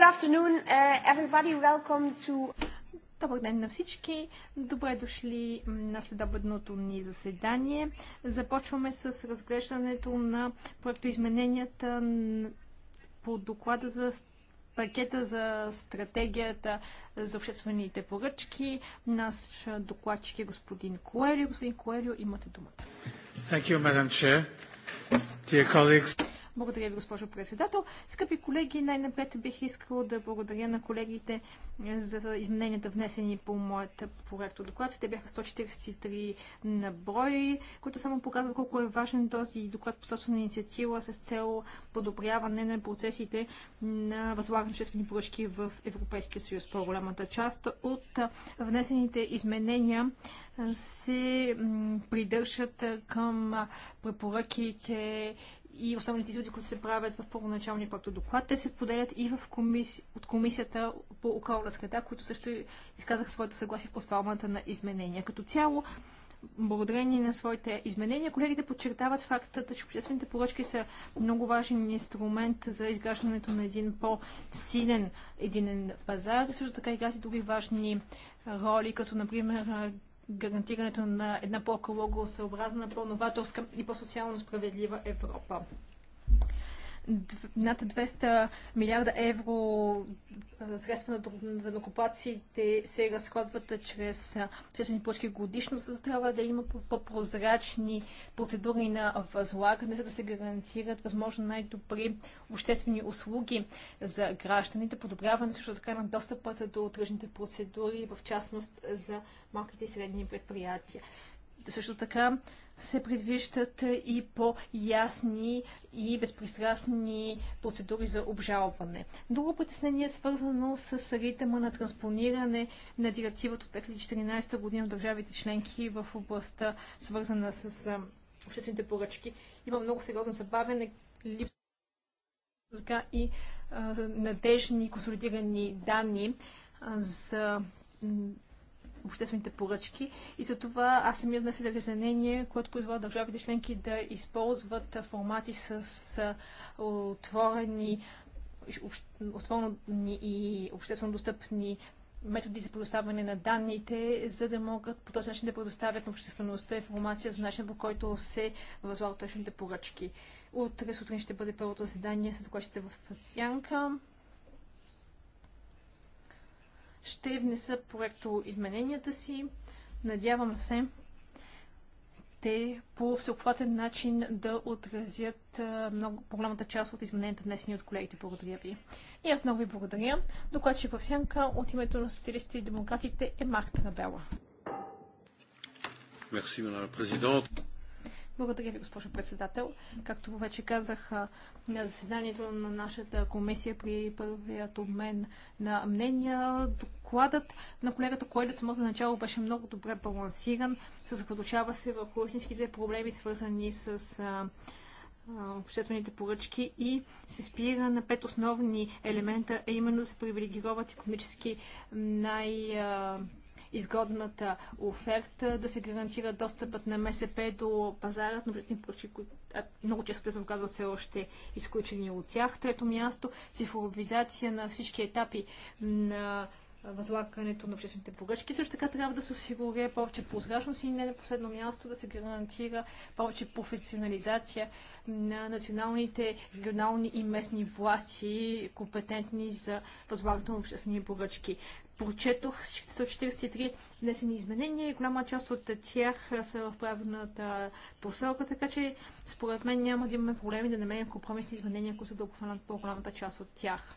Good afternoon, uh, everybody. Welcome to... Добър ден на всички. Добре дошли на следобедното ни заседание. Започваме с разглеждането на проектоизмененията по доклада за пакета за стратегията за обществените поръчки. Наш докладчик е господин Коелио. Господин Коелио, имате думата. Thank you, Madam Chair. Dear colleagues, благодаря ви, госпожо председател. Скъпи колеги, най-напред бих искал да благодаря на колегите е, за измененията внесени по моята проекто доклад. Те бяха 143 на брой, които само показват колко е важен този доклад по собствена инициатива с цел подобряване на процесите на възлагане обществени поръчки в Европейския съюз. По-голямата част от внесените изменения се придържат към препоръките и основните изводи, които се правят в първоначалния проекто доклад. Те се поделят и в комиси... от комисията по околна среда, които също изказах своето съгласие по формата на изменения. Като цяло, благодарение на своите изменения, колегите подчертават факта, че обществените поръчки са много важен инструмент за изграждането на един по-силен единен пазар. Също така играят и други важни роли, като например гарантирането на една по-екологосъобразна, по-новаторска и по-социално справедлива Европа над 200 милиарда евро средства на данокопаците се разходват чрез обществени поръчки годишно, за да трябва да има по-прозрачни процедури на възлагане, за да се гарантират възможно най-добри обществени услуги за гражданите, подобряване също така на достъпът до тръжните процедури, в частност за малките и средни предприятия. Също така се предвиждат и по-ясни и безпристрастни процедури за обжалване. Друго притеснение е свързано с ритъма на транспониране на директивата от 2014 година в държавите членки в областта, свързана с обществените поръчки. Има много сериозно забавяне, липса и а, надежни консолидирани данни а, за обществените поръчки и за това аз самия днес загрязнение, което позволя държавите членки да използват формати с отворени, отворени и обществено достъпни методи за предоставяне на данните, за да могат по този начин да предоставят на обществеността информация за начина по който се възлагат точните поръчки. Утре сутрин ще бъде първото заседание, след което ще в Сянка ще внеса проекто измененията си. Надявам се те по всеобхватен начин да отразят много по-голямата част от измененията внесени от колегите. Благодаря ви. И аз много ви благодаря. Докладчик в сянка от името на социалистите и демократите е Марта Набела. Мерси, президент. Благодаря ви, госпожо председател. Както вече казах на заседанието на нашата комисия при първият обмен на мнения, докладът на колегата Койдът самото начало беше много добре балансиран, съсредоточава се върху истинските проблеми, свързани с а, обществените поръчки и се спира на пет основни елемента, а именно да се привилегироват економически най- изгодната оферта, да се гарантира достъпът на МСП до пазара но бюджетни поръчки, които много често те се оказват все още изключени от тях. Трето място, цифровизация на всички етапи на възлагането на обществените поръчки. Също така трябва да се осигуря повече прозрачност и не на последно място да се гарантира повече професионализация на националните, регионални и местни власти, компетентни за възлагането на обществени поръчки. Прочетох 143 внесени изменения и голяма част от тях са в правилната посока, така че според мен няма да имаме проблеми да намерим компромисни изменения, които да обхванат по-голямата част от тях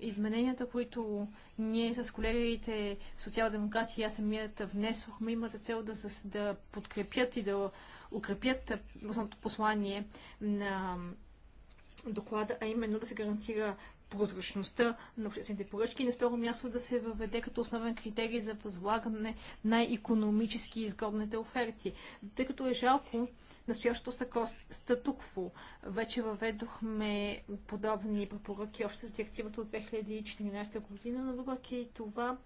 измененията, които ние с колегите социал-демократи и аз самият внесохме, имат за цел да, с, да подкрепят и да укрепят основното послание на доклада, а именно да се гарантира прозрачността на обществените поръчки и на второ място да се въведе като основен критерий за възлагане на економически изгодните оферти. Тъй като е жалко, настоящото статукво. Вече въведохме подобни препоръки още с директивата от 2014 година, но въпреки това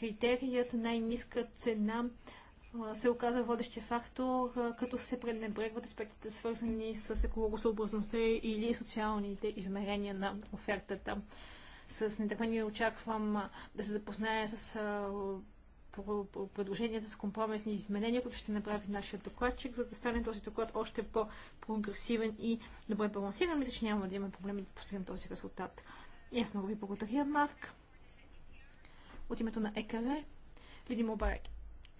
критерият най-ниска цена се оказва водещия фактор, като се пренебрегват аспектите свързани с екологосъобразността или социалните измерения на офертата. С нетърпение очаквам да се запозная с предложенията с компромисни изменения, които ще направи нашия докладчик, за да стане този доклад още по-прогресивен и добре балансиран. Мисля, че няма да има проблеми да постигнем този резултат. И аз много ви благодаря, Марк. От името на ЕКР, Лиди Мобарек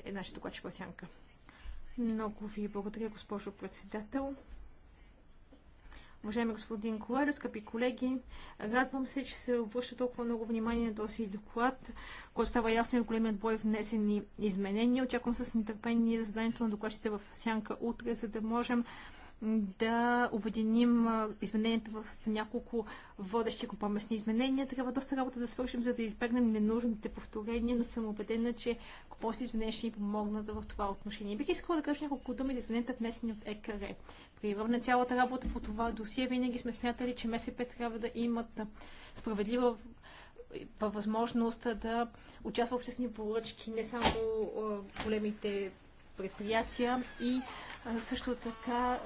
е нашия докладчик Сянка. Много ви благодаря, госпожо председател. Уважаеми господин Колера, скъпи колеги, радвам се, че се обръща толкова много внимание на този доклад, който става ясно и големият бой внесени изменения. Очаквам с нетърпение заданието на докладчите в Сянка утре, за да можем да обединим измененията в няколко водещи компромисни изменения. Трябва доста работа да свършим, за да избегнем ненужните повторения, но съм убедена, че компромисни изменения ще ни помогнат в това отношение. Бих искала да кажа няколко думи за измененията внесени от ЕКР. При на цялата работа по това досие винаги сме смятали, че МСП трябва да имат справедлива възможност да участва в обществени поръчки, не само големите предприятия и също така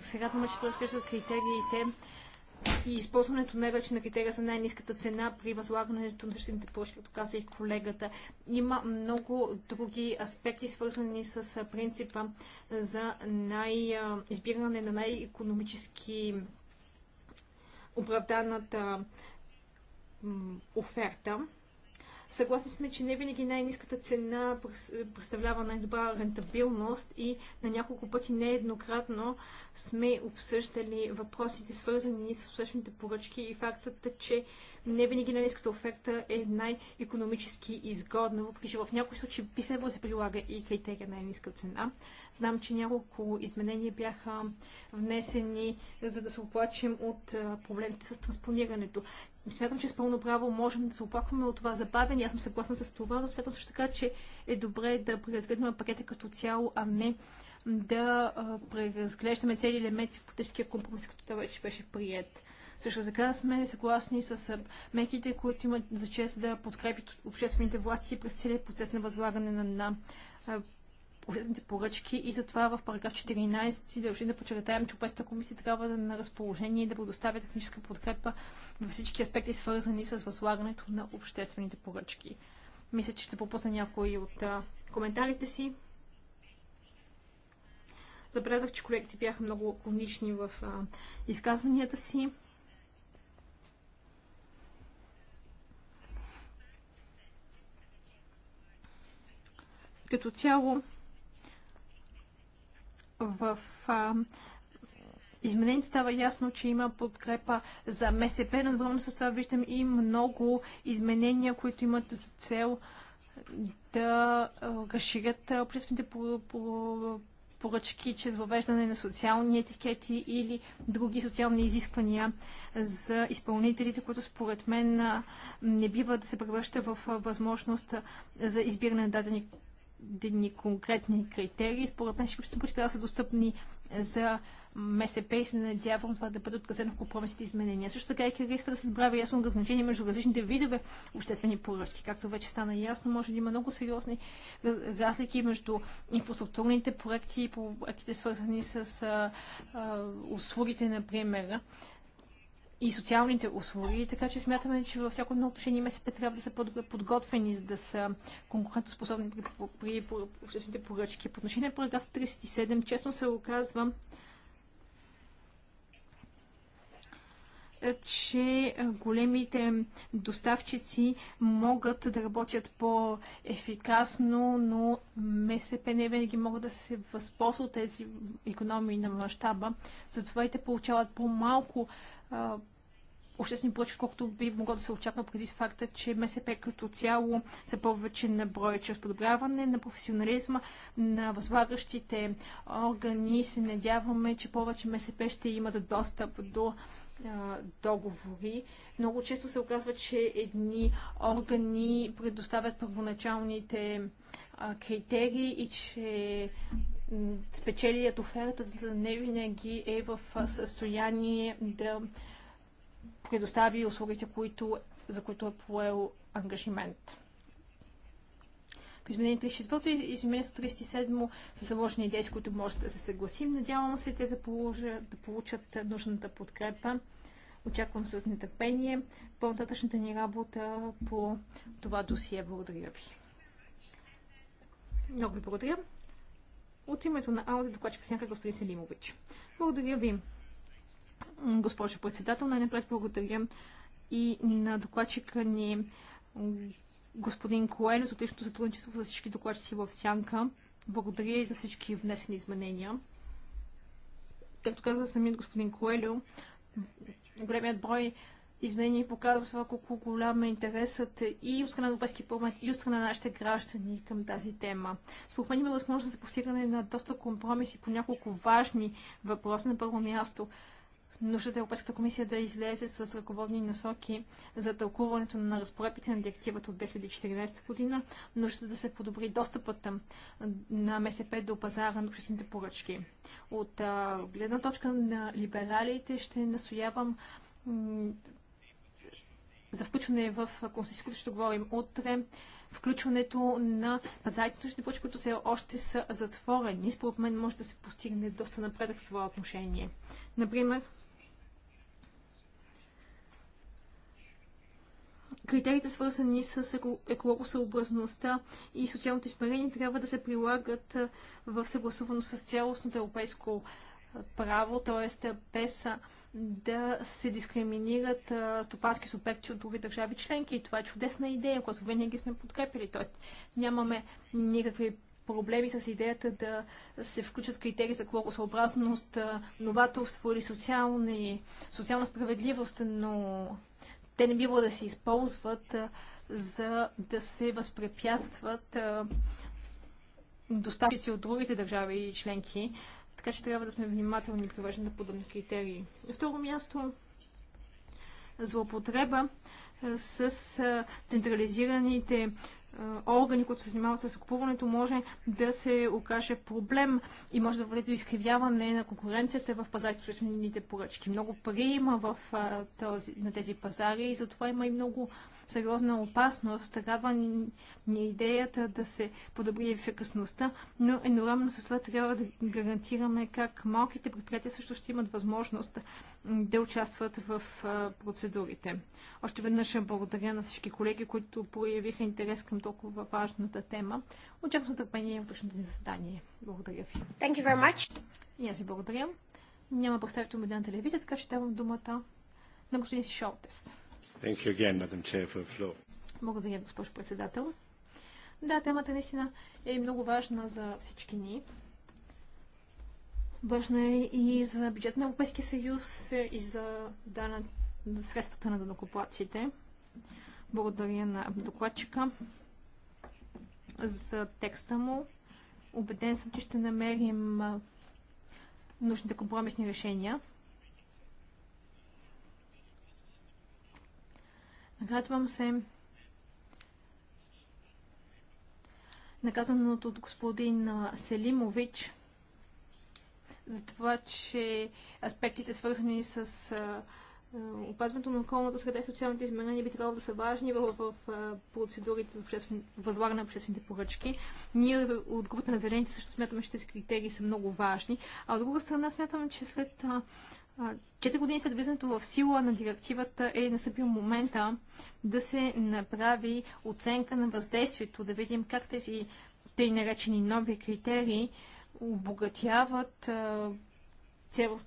сега че разглеждат критериите и използването най-вече на критерия за най-низката цена при възлагането на обществените поръчки, като каза и колегата. Има много други аспекти, свързани с принципа за най- избиране на най-економически оправданата оферта. Съгласни сме, че не винаги най-низката цена представлява най-добра рентабилност и на няколко пъти нееднократно сме обсъждали въпросите, свързани с обществените поръчки и фактът, че не винаги на ниската оферта е най-економически изгодна, въпреки че в някои случаи би следвало да се прилага и критерия на ниска цена. Знам, че няколко изменения бяха внесени, за да се оплачем от проблемите с транспонирането. Смятам, че с пълно право можем да се оплакваме от това забавяне. Аз съм съгласна с това, но смятам също така, че е добре да преразгледаме пакета като цяло, а не да преразглеждаме цели елементи в политическия компромис, като това вече беше прият. Също така сме съгласни с меките, които имат за чест да подкрепят обществените власти през целият процес на възлагане на, на обществените поръчки и затова в параграф 14 дължи да подчертаем, че Обществената комисия трябва да е на разположение и да предоставя техническа подкрепа във всички аспекти, свързани с възлагането на обществените поръчки. Мисля, че ще пропусна някои от а, коментарите си. Забелязах, че колегите бяха много лаконични в а, изказванията си. Като цяло в а, изменение става ясно, че има подкрепа за МСП, но едновременно с това виждам и много изменения, които имат за цел да разширят обществените поръчки чрез въвеждане на социални етикети или други социални изисквания за изпълнителите, които според мен не бива да се превръща в възможност за избиране на дадени дни конкретни критерии. Според мен всички стъпки трябва да са достъпни за МСП и се надявам това да бъде отказано в компромисните изменения. Също така и риска да се направи ясно разграничение между различните видове обществени поръчки. Както вече стана ясно, може да има много сериозни разлики между инфраструктурните проекти и проектите свързани с а, а, услугите, например и социалните услуги, така че смятаме, че във всяко едно отношение МСП трябва да са подготвени, за да са конкурентоспособни при, при, при обществените поръчки. По отношение на параграф 37, честно се оказва, че големите доставчици могат да работят по-ефикасно, но МСП не винаги могат да се възползват тези економии на мащаба. Затова и те получават по-малко обществени поръчки, колкото би могло да се очаква преди факта, че МСП като цяло са повече на броя чрез подобряване на професионализма на възлагащите органи. Се надяваме, че повече МСП ще имат достъп до договори. Много често се оказва, че едни органи предоставят първоначалните критерии и че спечелият оферта не винаги е в състояние да предостави услугите, които, за които е поел ангажимент. В изменение 34 и изменение 37 са заложени идеи, с които може да се съгласим. Надявам се те да, положа, да получат нужната подкрепа. Очаквам с нетърпение по-нататъчната ни работа по това досие. Благодаря ви. Много ви благодаря. От името на Ауди докладчик сянка господин Селимович. Благодаря ви, госпожо председател. Най-напред благодаря и на докладчика ни господин Коен за отличното сътрудничество за всички докладчици в сянка. Благодаря и за всички внесени изменения. Както каза самият господин Коелю, големият брой изменение показва колко голям е интересът и от страна на Европейския парламент, и от страна на нашите граждани към тази тема. Според мен има възможност за постигане на доста компромиси по няколко важни въпроси. На първо място, нуждата е Европейската комисия да излезе с ръководни насоки за тълкуването на разпоредбите на директивата от 2014 година, нуждата да се подобри достъпът на МСП до пазара на обществените поръчки. От гледна точка на либералите ще настоявам за включване в консенсус, който ще говорим утре, включването на пазарите точни които все още са затворени. Според мен може да се постигне доста напредък в това отношение. Например, критериите, свързани с екологосъобразността и социалното измерение, трябва да се прилагат в съгласувано с цялостното европейско право, т.е. без да се дискриминират стопански субекти от други държави членки. И това е чудесна идея, която винаги сме подкрепили. Тоест нямаме никакви проблеми с идеята да се включат критерии за клоросъобразност, новаторство или социални, социална справедливост, но те не бива да се използват за да се възпрепятстват доставки си от другите държави и членки така че трябва да сме внимателни при на подобни критерии. На второ място, злоупотреба с централизираните органи, които се занимават с купуването, може да се окаже проблем и може да води до изкривяване на конкуренцията в пазарите обществените поръчки. Много пари има в, този, на тези пазари и затова има и много сериозна опасност. Такава ни е идеята да се подобри ефикасността, но едновременно с това трябва да гарантираме как малките предприятия също ще имат възможност да участват в процедурите. Още веднъж благодаря на всички колеги, които проявиха интерес към толкова важната тема. Очаквам с търпение точното ни заседание. Благодаря ви. Thank you very much. И аз ви благодаря. Няма представител на телевизия, така че давам думата на господин Шолтес. Again, Благодаря, госпожо председател. Да, темата наистина е много важна за всички ни. Важна е и за бюджет на Европейския съюз, и за дана, на средствата на данокоплаците. Благодаря на докладчика за текста му. Обеден съм, че ще намерим нужните компромисни решения. Радвам се наказаното от господин Селимович за това, че аспектите свързани с опазването на околната среда и социалните изменения би трябвало да са важни в, в, в процедурите за обществен, възлагане на обществените поръчки. Ние от групата на зелените също смятаме, че тези критерии са много важни. А от друга страна смятам, че след а, Четири години след влизането в сила на директивата е настъпил момента да се направи оценка на въздействието, да видим как тези тъй наречени нови критерии обогатяват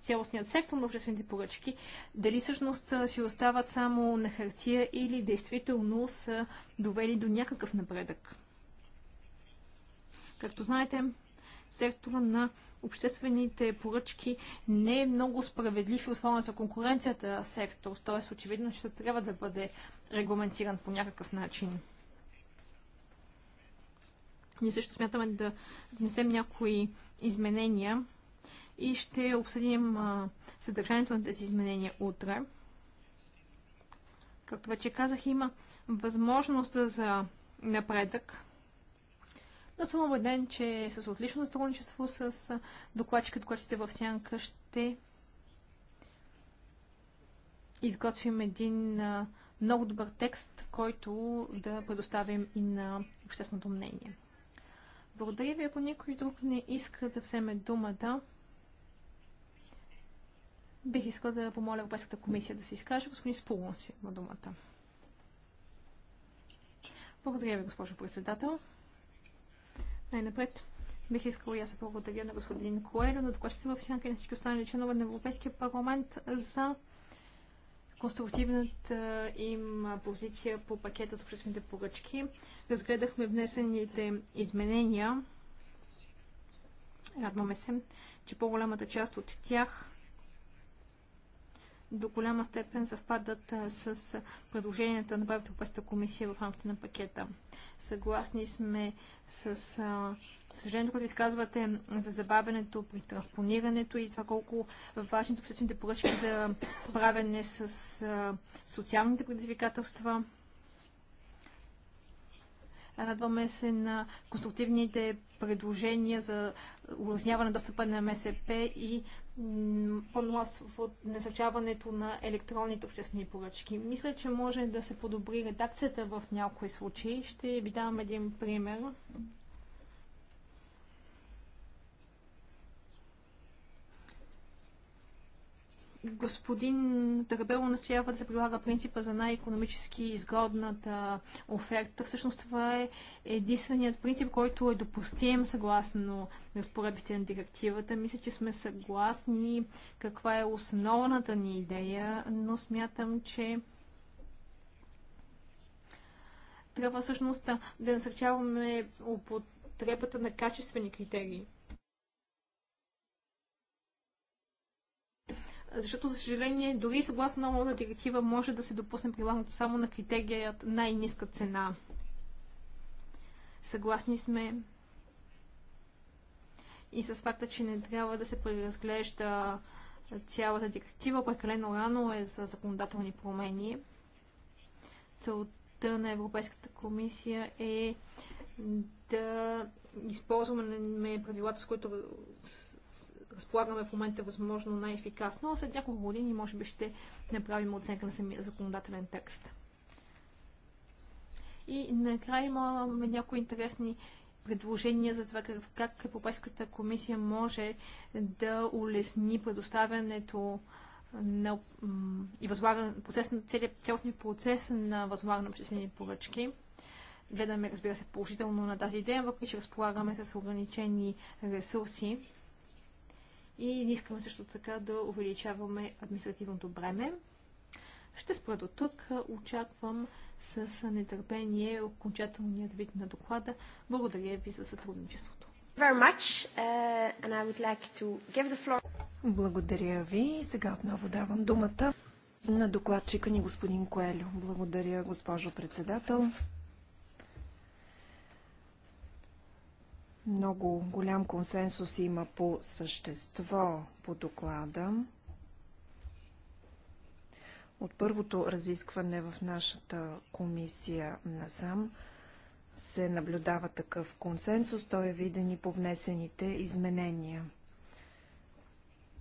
цялостният сектор на обществените поръчки, дали всъщност си остават само на хартия или действително са довели до някакъв напредък. Както знаете, сектора на обществените поръчки не е много справедлив и основен за конкуренцията сектор, т.е. очевидно, че трябва да бъде регламентиран по някакъв начин. Ние също смятаме да внесем някои изменения и ще обсъдим съдържанието на тези изменения утре. Както вече казах, има възможност за напредък но съм убеден, че с отлично сътрудничество с докладчика, докладчите в Сянка ще изготвим един много добър текст, който да предоставим и на общественото мнение. Благодаря ви, ако никой друг не иска да вземе думата. Бих искал да помоля Европейската комисия да се изкаже. Господин Спулман си има думата. Благодаря ви, госпожо председател. Най-напред бих искала и аз да благодаря на господин Коелю, на докладчите в сянка и на всички останали членове на Европейския парламент за конструктивната им позиция по пакета за обществените поръчки. Разгледахме внесените изменения. Радваме се, че по-голямата част от тях до голяма степен съвпадат с предложенията на Европейската комисия в рамките на пакета. Съгласни сме с съжалението, което изказвате за забавянето при транспонирането и това колко важни са обществените поръчки за справяне с социалните предизвикателства. Радваме се на конструктивните предложения за улесняване на достъпа на МСП и по в насърчаването на електронните обществени поръчки. Мисля, че може да се подобри редакцията в някои случаи. Ще ви дам един пример. господин Тарабело настоява да се прилага принципа за най-економически изгодната оферта. Всъщност това е единственият принцип, който е допустим съгласно разпоредбите на директивата. Мисля, че сме съгласни каква е основната ни идея, но смятам, че трябва всъщност да насърчаваме употребата на качествени критерии. защото, за съжаление, дори съгласно новата директива може да се допусне прилагането само на критерият най низка цена. Съгласни сме и с факта, че не трябва да се преразглежда цялата директива, прекалено рано е за законодателни промени. Целта на Европейската комисия е да използваме правилата, с които разполагаме в момента възможно най-ефикасно, а след няколко години може би ще направим оценка на самия законодателен текст. И накрая имаме някои интересни предложения за това как, Европейската комисия може да улесни предоставянето на, и процес на целият цялостния процес на възлагане на обществени поръчки. Гледаме, разбира се, положително на тази идея, въпреки че разполагаме с ограничени ресурси и не искаме също така да увеличаваме административното бреме. Ще спра до тук. Очаквам с нетърпение окончателният вид на доклада. Благодаря ви за сътрудничеството. Uh, Благодаря ви. Сега отново давам думата на докладчика ни господин Коелю. Благодаря, госпожо председател. Много голям консенсус има по същество по доклада. От първото разискване в нашата комисия насам се наблюдава такъв консенсус. Той е виден и по внесените изменения.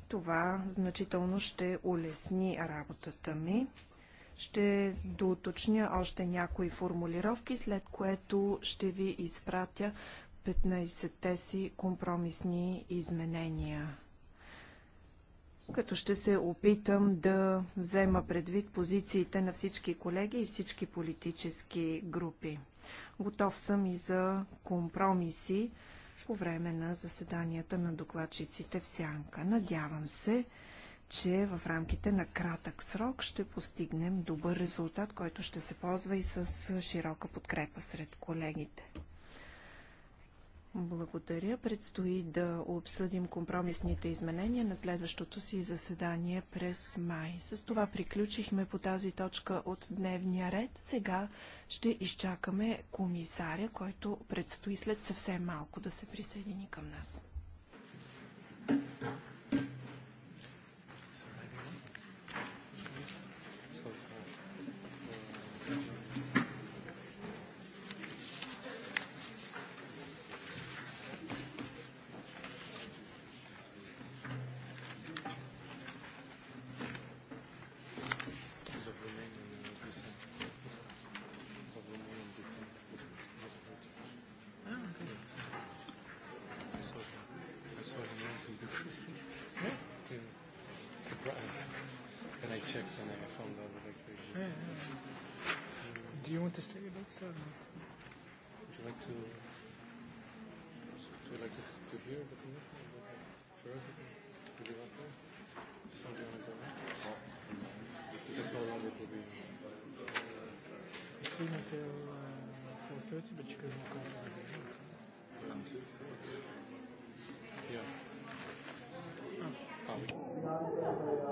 Това значително ще улесни работата ми. Ще доуточня още някои формулировки, след което ще ви изпратя 15-те си компромисни изменения. Като ще се опитам да взема предвид позициите на всички колеги и всички политически групи. Готов съм и за компромиси по време на заседанията на докладчиците в Сянка. Надявам се, че в рамките на кратък срок ще постигнем добър резултат, който ще се ползва и с широка подкрепа сред колегите. Благодаря. Предстои да обсъдим компромисните изменения на следващото си заседание през май. С това приключихме по тази точка от дневния ред. Сега ще изчакаме комисаря, който предстои след съвсем малко да се присъедини към нас. Do you want to say about that? Would you like to, would you like to, to hear the commitment? First, would you like to? Or do you want to go back? Because how long it will be? It's soon until uh, 4.30, but you can walk out. Until 4.30? Yeah. Oh.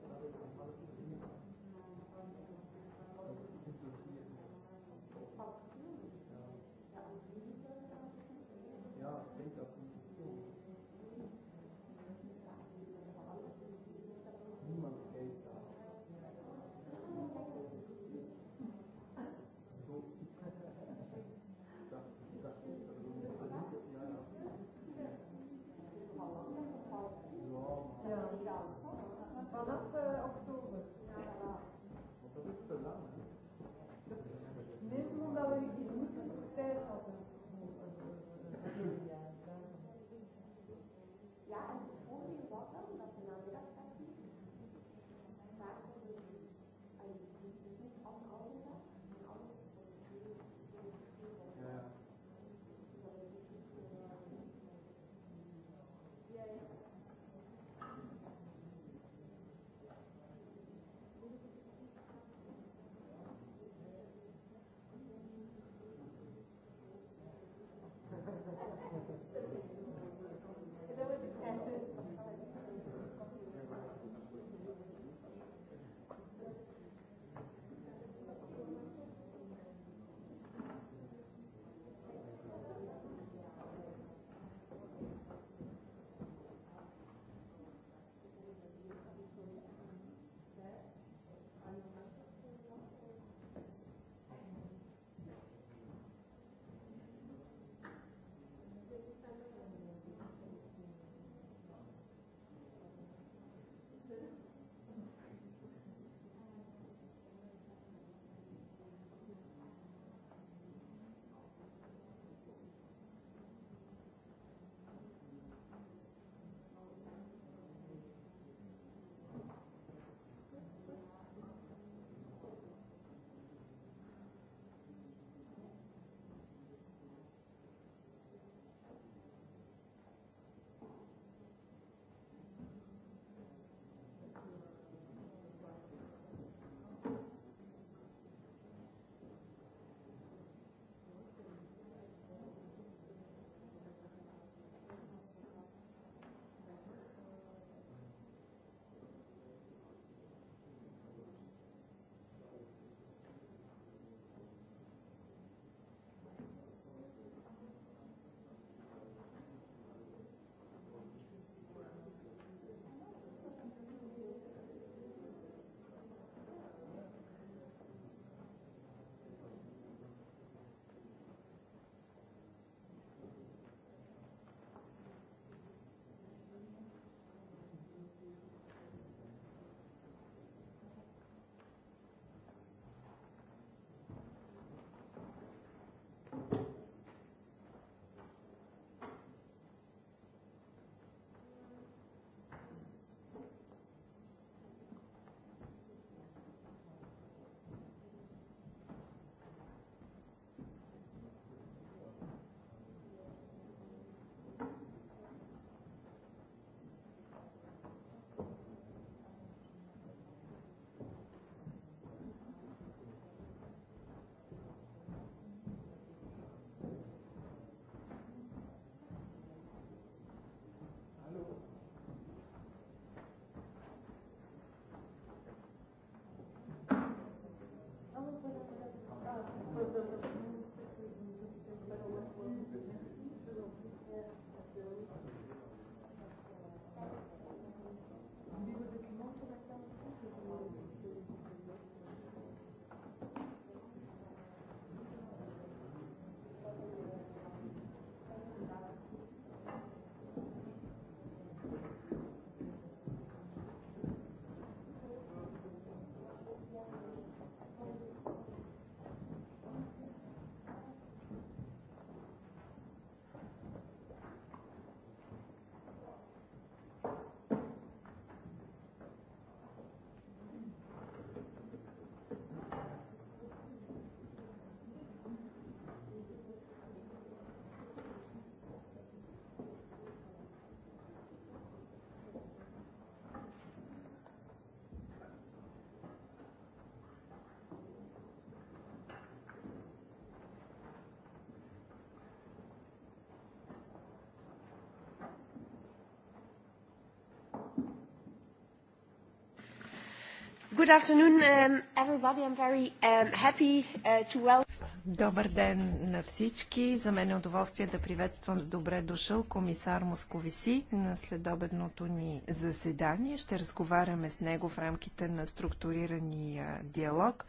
Good afternoon, um, everybody. I'm very um, happy uh, to welcome. Добър ден на всички. За мен е удоволствие да приветствам с добре дошъл комисар Московиси на следобедното ни заседание. Ще разговаряме с него в рамките на структурирания диалог.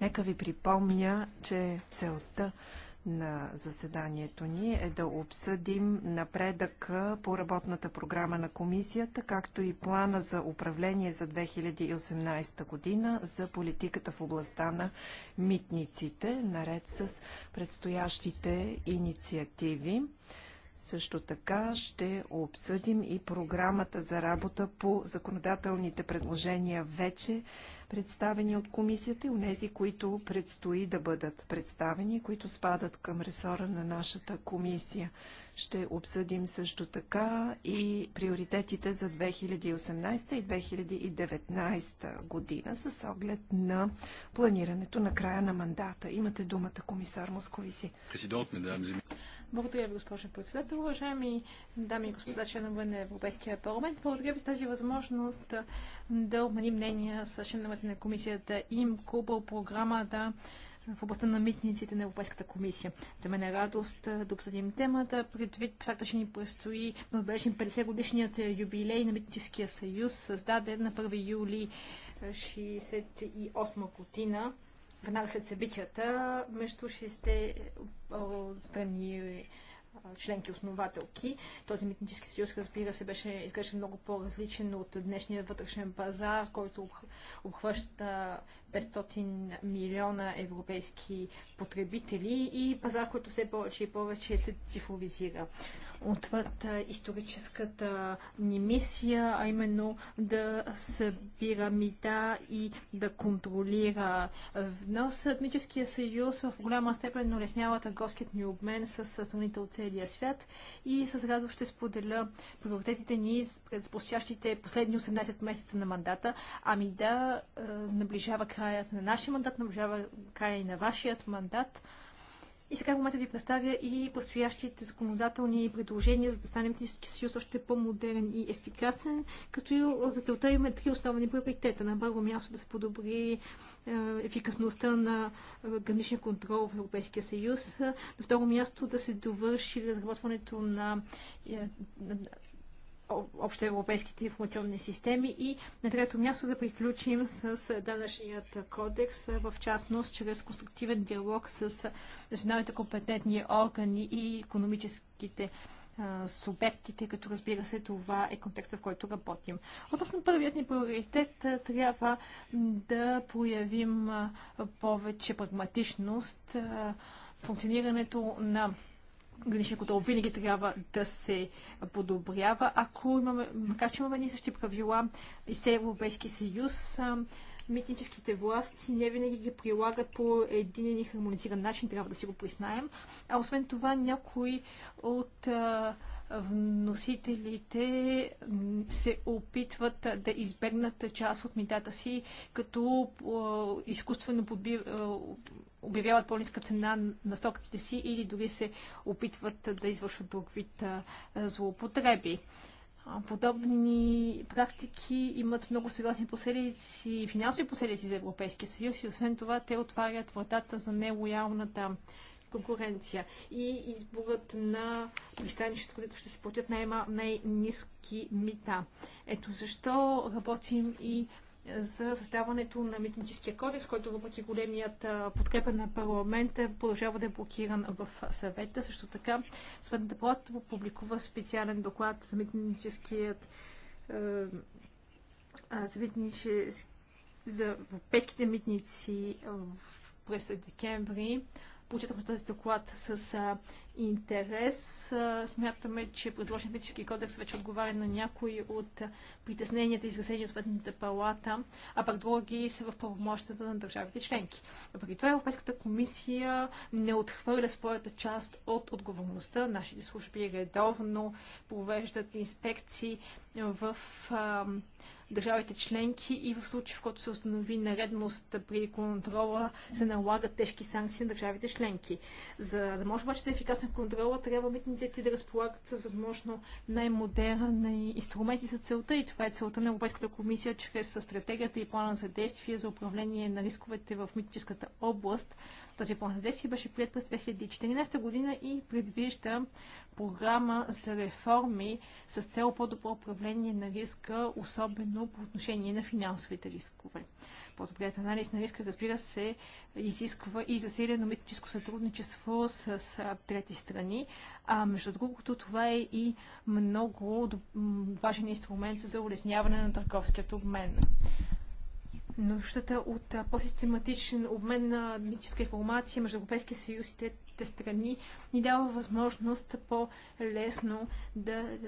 Нека ви припомня, че целта на заседанието ни е да обсъдим напредък по работната програма на комисията, както и плана за управление за 2018 година за политиката в областта на митниците, наред с предстоящите инициативи. Също така ще обсъдим и програмата за работа по законодателните предложения вече представени от комисията и унези, които предстои да бъдат представени, които спадат към ресора на нашата комисия. Ще обсъдим също така и приоритетите за 2018 и 2019 година с оглед на планирането на края на мандата. Имате думата, комисар Московиси. Благодаря ви, госпожо председател. Уважаеми дами и господа, членове на Европейския парламент, благодаря ви за тази възможност да обмени мнения с членовете на комисията ИМКО по програмата в областта на митниците на Европейската комисия. За мен е радост да обсъдим темата, предвид факта, че ни предстои да отбележим 50 годишният юбилей на Митническия съюз, създаден на 1 юли 1968 година веднага след събитията между шесте страни членки основателки. Този митнически съюз, разбира се, беше изглежда много по-различен от днешния вътрешен пазар, който обхваща 500 милиона европейски потребители и пазар, който все повече и повече се цифровизира отвъд историческата ни мисия, а именно да събира мита и да контролира вноса. Етническия съюз в голяма степен улеснява търговският ни обмен с страните от целия свят и с радост ще споделя приоритетите ни пред спустящите последни 18 месеца на мандата. Ами да, наближава краят на нашия мандат, наближава края и на вашият мандат. И сега в момента ви представя и предстоящите законодателни предложения, за да стане Технически съюз още по-модерен и ефикасен, като за целта има три основни приоритета. На първо място да се подобри е, ефикасността на е, граничния контрол в Европейския съюз. На второ място да се довърши разработването на е, общоевропейските информационни системи и на трето място да приключим с данъчният кодекс, в частност чрез конструктивен диалог с националните компетентни органи и економическите субектите, като разбира се това е контекста, в който работим. Относно първият ни приоритет трябва да проявим повече прагматичност функционирането на граничния контрол винаги трябва да се подобрява. Ако имаме, макар че имаме ние същи правила и се Европейски съюз, митническите власти не винаги ги прилагат по един и хармонизиран начин, трябва да си го признаем. А освен това, някои от вносителите се опитват да избегнат част от митата си, като изкуствено подби обявяват по-ниска цена на стоките си или дори се опитват да извършват друг вид злоупотреби. Подобни практики имат много сериозни последици, финансови последици за Европейския съюз и освен това те отварят вратата за нелоялната конкуренция и изборът на пристанището, където ще се платят най-низки мита. Ето защо работим и за създаването на митническия кодекс, който въпреки големият подкрепа на парламента продължава да е блокиран в съвета. Също така Светната палата публикува специален доклад за митническият за, митнически, за европейските митници през декември. Почитаме този доклад с а, интерес. А, смятаме, че предложен етически кодекс вече отговаря на някои от притесненията, изразени от Светната палата, а пък други са в правомощата на държавите членки. Въпреки това Европейската комисия не отхвърля своята част от отговорността. Нашите служби редовно провеждат инспекции в а, държавите членки и в случай, в който се установи наредност при контрола, се налагат тежки санкции на държавите членки. За да може обаче да е ефикасен контрола, трябва митниците да разполагат с възможно най-модерни инструменти за целта и това е целта на Европейската комисия чрез стратегията и плана за действие за управление на рисковете в митническата област. Тази план за действие беше прият през 2014 година и предвижда програма за реформи с цел по-добро управление на риска, особено по по отношение на финансовите рискове. По-добрият анализ на риска, разбира се, изисква и засилено митническо сътрудничество с, с трети страни. А между другото, това е и много важен инструмент за улесняване на търговският обмен нуждата от по-систематичен обмен на митническа информация между Европейския съюз и засегнатите страни ни дава възможност по-лесно да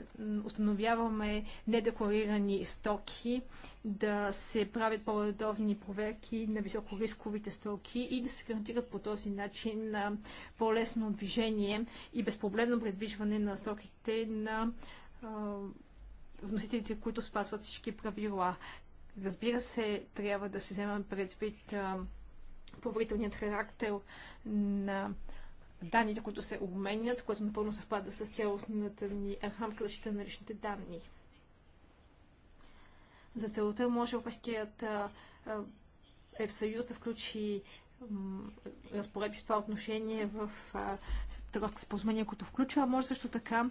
установяваме недекларирани стоки, да се правят по-редовни проверки на високорисковите стоки и да се гарантират по този начин по-лесно движение и безпроблемно предвижване на стоките на вносителите, които спазват всички правила. Разбира се, трябва да се вземем предвид поверителният характер на данните, които се обменят, което напълно съвпада с цялостната ни рамка защита на личните данни. За целта може Европейският съюз да включи разпоредби в това отношение в търговските споразумения, които включва, а може също така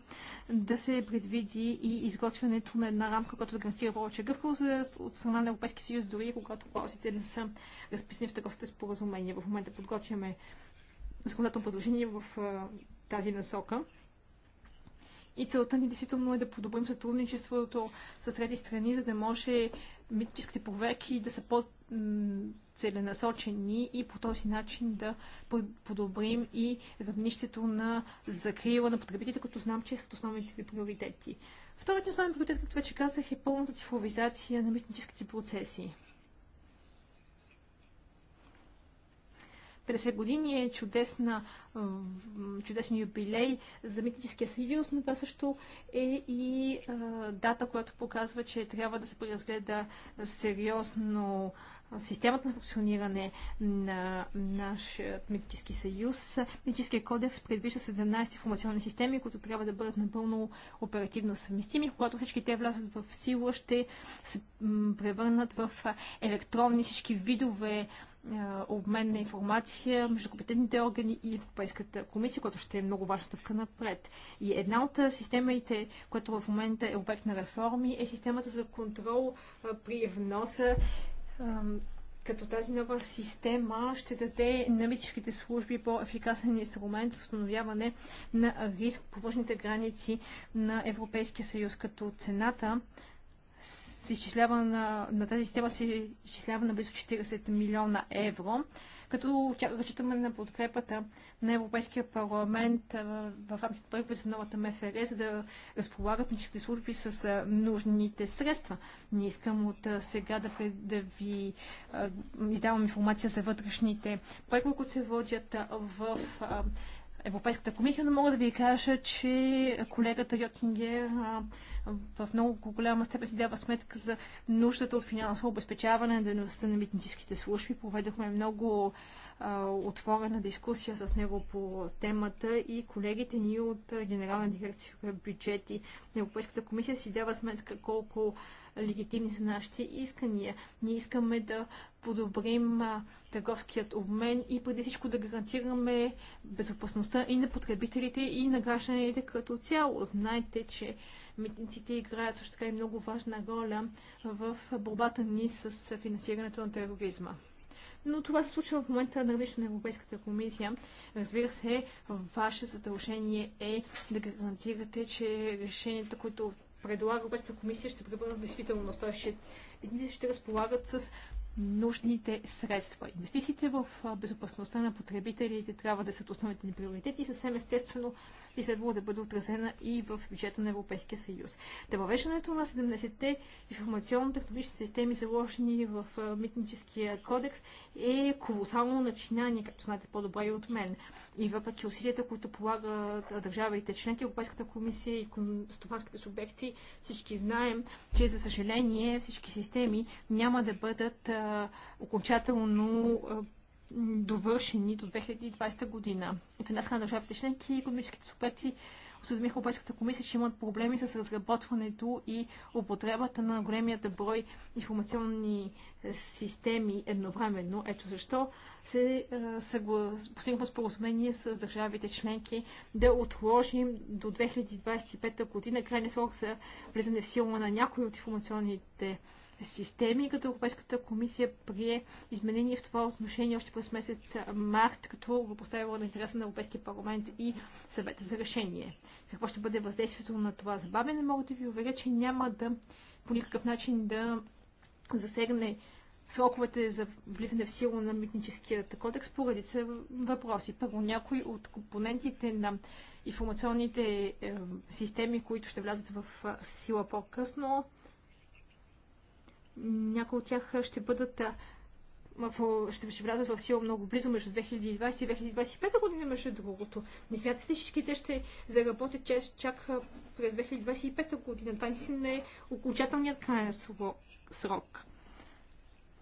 да се предвиди и изготвянето на една рамка, която да гарантира повече гъвкавост от страна на Европейския съюз, дори когато клаузите не са разписани в търговските споразумения. В момента подготвяме законодателно предложение в тази насока. И целта ни действително е да подобрим сътрудничеството с трети страни, за да може митническите проверки да са по-целенасочени и по този начин да подобрим и равнището на закрила на потребителите, като знам, че искат е основните ви приоритети. Вторият основен приоритет, както вече казах, е пълната цифровизация на митническите процеси. 50 години е чудесна, чудесен юбилей за Митническия съюз, но това също е и дата, която показва, че трябва да се преразгледа сериозно системата на функциониране на нашия Митнически съюз. Митническия кодекс предвижда 17 информационни системи, които трябва да бъдат напълно оперативно съвместими. Когато всички те влязат в сила, ще се превърнат в електронни всички видове е, обмен на информация между компетентните органи и Европейската комисия, която ще е много важна стъпка напред. И една от е, системите, която в момента е обект на реформи, е системата за контрол е, при вноса като тази нова система ще даде на служби по-ефикасен инструмент за установяване на риск по външните граници на Европейския съюз, като цената се изчислява на, на тази система се изчислява на близо 40 милиона евро, като разчитаме на подкрепата на Европейския парламент в рамките на първи за новата МФР, за да разполагат ничите служби с нужните средства. Не искам от сега да, пред, да ви издавам информация за вътрешните проекти, които се водят в а, Европейската комисия, но мога да ви кажа, че колегата Йокингер в много голяма степен си дава сметка за нуждата от финансово обезпечаване на дейността на митническите служби. Поведохме много отворена дискусия с него по темата и колегите ни от Генерална дирекция бюджети на Европейската комисия си дава сметка колко легитимни са нашите искания. Ние искаме да подобрим търговският обмен и преди всичко да гарантираме безопасността и на потребителите и на гражданите като цяло. Знаете, че митниците играят също така и много важна роля в борбата ни с финансирането на тероризма но това се случва в момента на равнището на Европейската комисия. Разбира се, ваше задължение е да гарантирате, че решенията, които предлага Европейската комисия, ще превърнат на Ще, едните ще разполагат с нужните средства. Инвестициите в безопасността на потребителите трябва да са основните ни приоритети и съвсем естествено би следвало да бъде отразена и в бюджета на Европейския съюз. Да въвеждането на 70-те информационно-технологични системи, заложени в митническия кодекс, е колосално начинание, както знаете по-добре и от мен. И въпреки усилията, които полагат държавите членки, Европейската комисия и стопанските субекти, всички знаем, че за съжаление всички системи няма да бъдат окончателно довършени до 2020 година. От една страна държавите членки и економическите субекти осъдмиха Европейската комисия, че имат проблеми с разработването и употребата на големията брой информационни системи едновременно. Ето защо се съгла... постигнахме споразумение с държавите членки да отложим до 2025 година крайния срок за влизане в сила на някои от информационните системи, като Европейската комисия прие изменение в това отношение още през месец март, като го поставила на интереса на Европейския парламент и съвета за решение. Какво ще бъде въздействието на това забавене? Мога да ви уверя, че няма да по никакъв начин да засегне сроковете за влизане в сила на митническият кодекс по редица въпроси. Първо, някои от компонентите на информационните е, системи, които ще влязат в сила по-късно, някои от тях ще бъдат ще, ще влязат в сила много близо между 2020 и 2025 година, между другото. Не смятате ли, че те ще заработят чак, чак през 2025 година? Това наистина е окончателният крайен срок.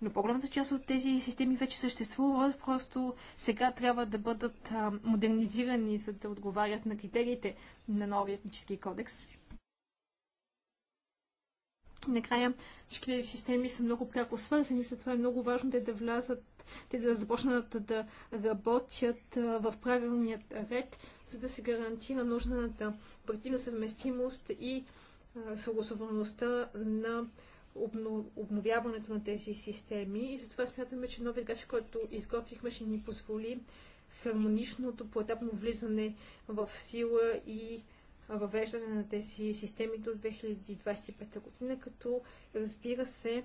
Но по-голямата част от тези системи вече съществуват, просто сега трябва да бъдат а, модернизирани, за да отговарят на критериите на новия етнически кодекс и накрая всички тези системи са много пряко свързани, затова е много важно те да влязат, те да започнат да работят в правилният ред, за да се гарантира нужната партийна съвместимост и съгласуваността на обновяването на тези системи и затова смятаме, че новият график, който изготвихме, ще ни позволи хармоничното поетапно влизане в сила и въвеждане на тези системи до 2025 година, като разбира се,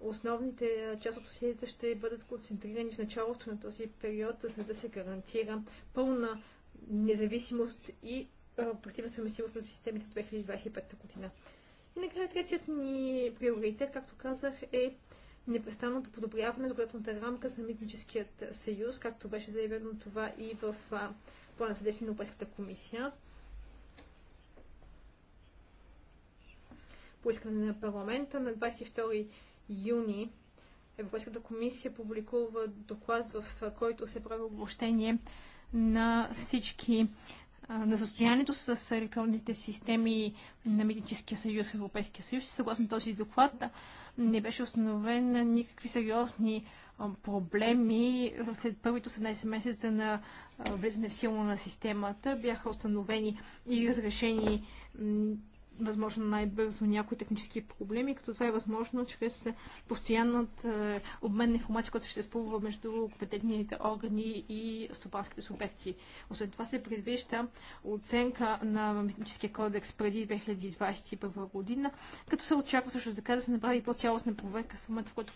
основните част от усилията ще бъдат концентрирани в началото на този период, за да се гарантира пълна независимост и оперативна съвместимост на системите от 2025 година. И накрая третият ни приоритет, както казах, е непрестанното подобряване на законодателната рамка за митническият съюз, както беше заявено това и в плана за действие на Европейската комисия. по искане на парламента. На 22 юни Европейската комисия публикува доклад, в който се прави обобщение на всички на състоянието с електронните системи на Медическия съюз в Европейския съюз. Съгласно този доклад не беше установен никакви сериозни проблеми след първите 18 месеца на влизане в сила на системата. Бяха установени и разрешени възможно най-бързо някои технически проблеми, като това е възможно чрез постоянният е, обмен на информация, която съществува между компетентните органи и стопанските субекти. Освен това се предвижда оценка на Митническия кодекс преди 2021 година, като се очаква също така да се направи по-цялостна проверка в момента, в който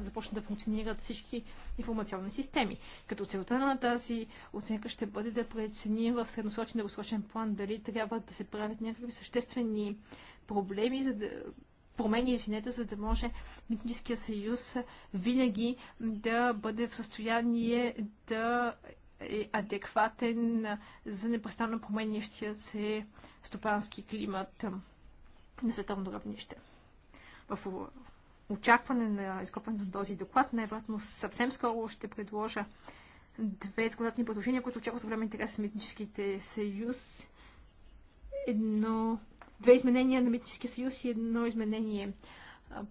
започнат да функционират всички информационни системи. Като целта на тази оценка ще бъде да прецени в средносрочен и дългосрочен план дали трябва да се правят някакви съществени сериозни проблеми, за да промени, извинете, за да може Митническия съюз винаги да бъде в състояние да е адекватен за непрестанно променящия се стопански климат на световно равнище. В очакване на изкопването на този доклад, най-вероятно съвсем скоро ще предложа две изкладатни предложения, които очакват с голям интерес с Митническите съюз. Едно две изменения на митнически съюз и едно изменение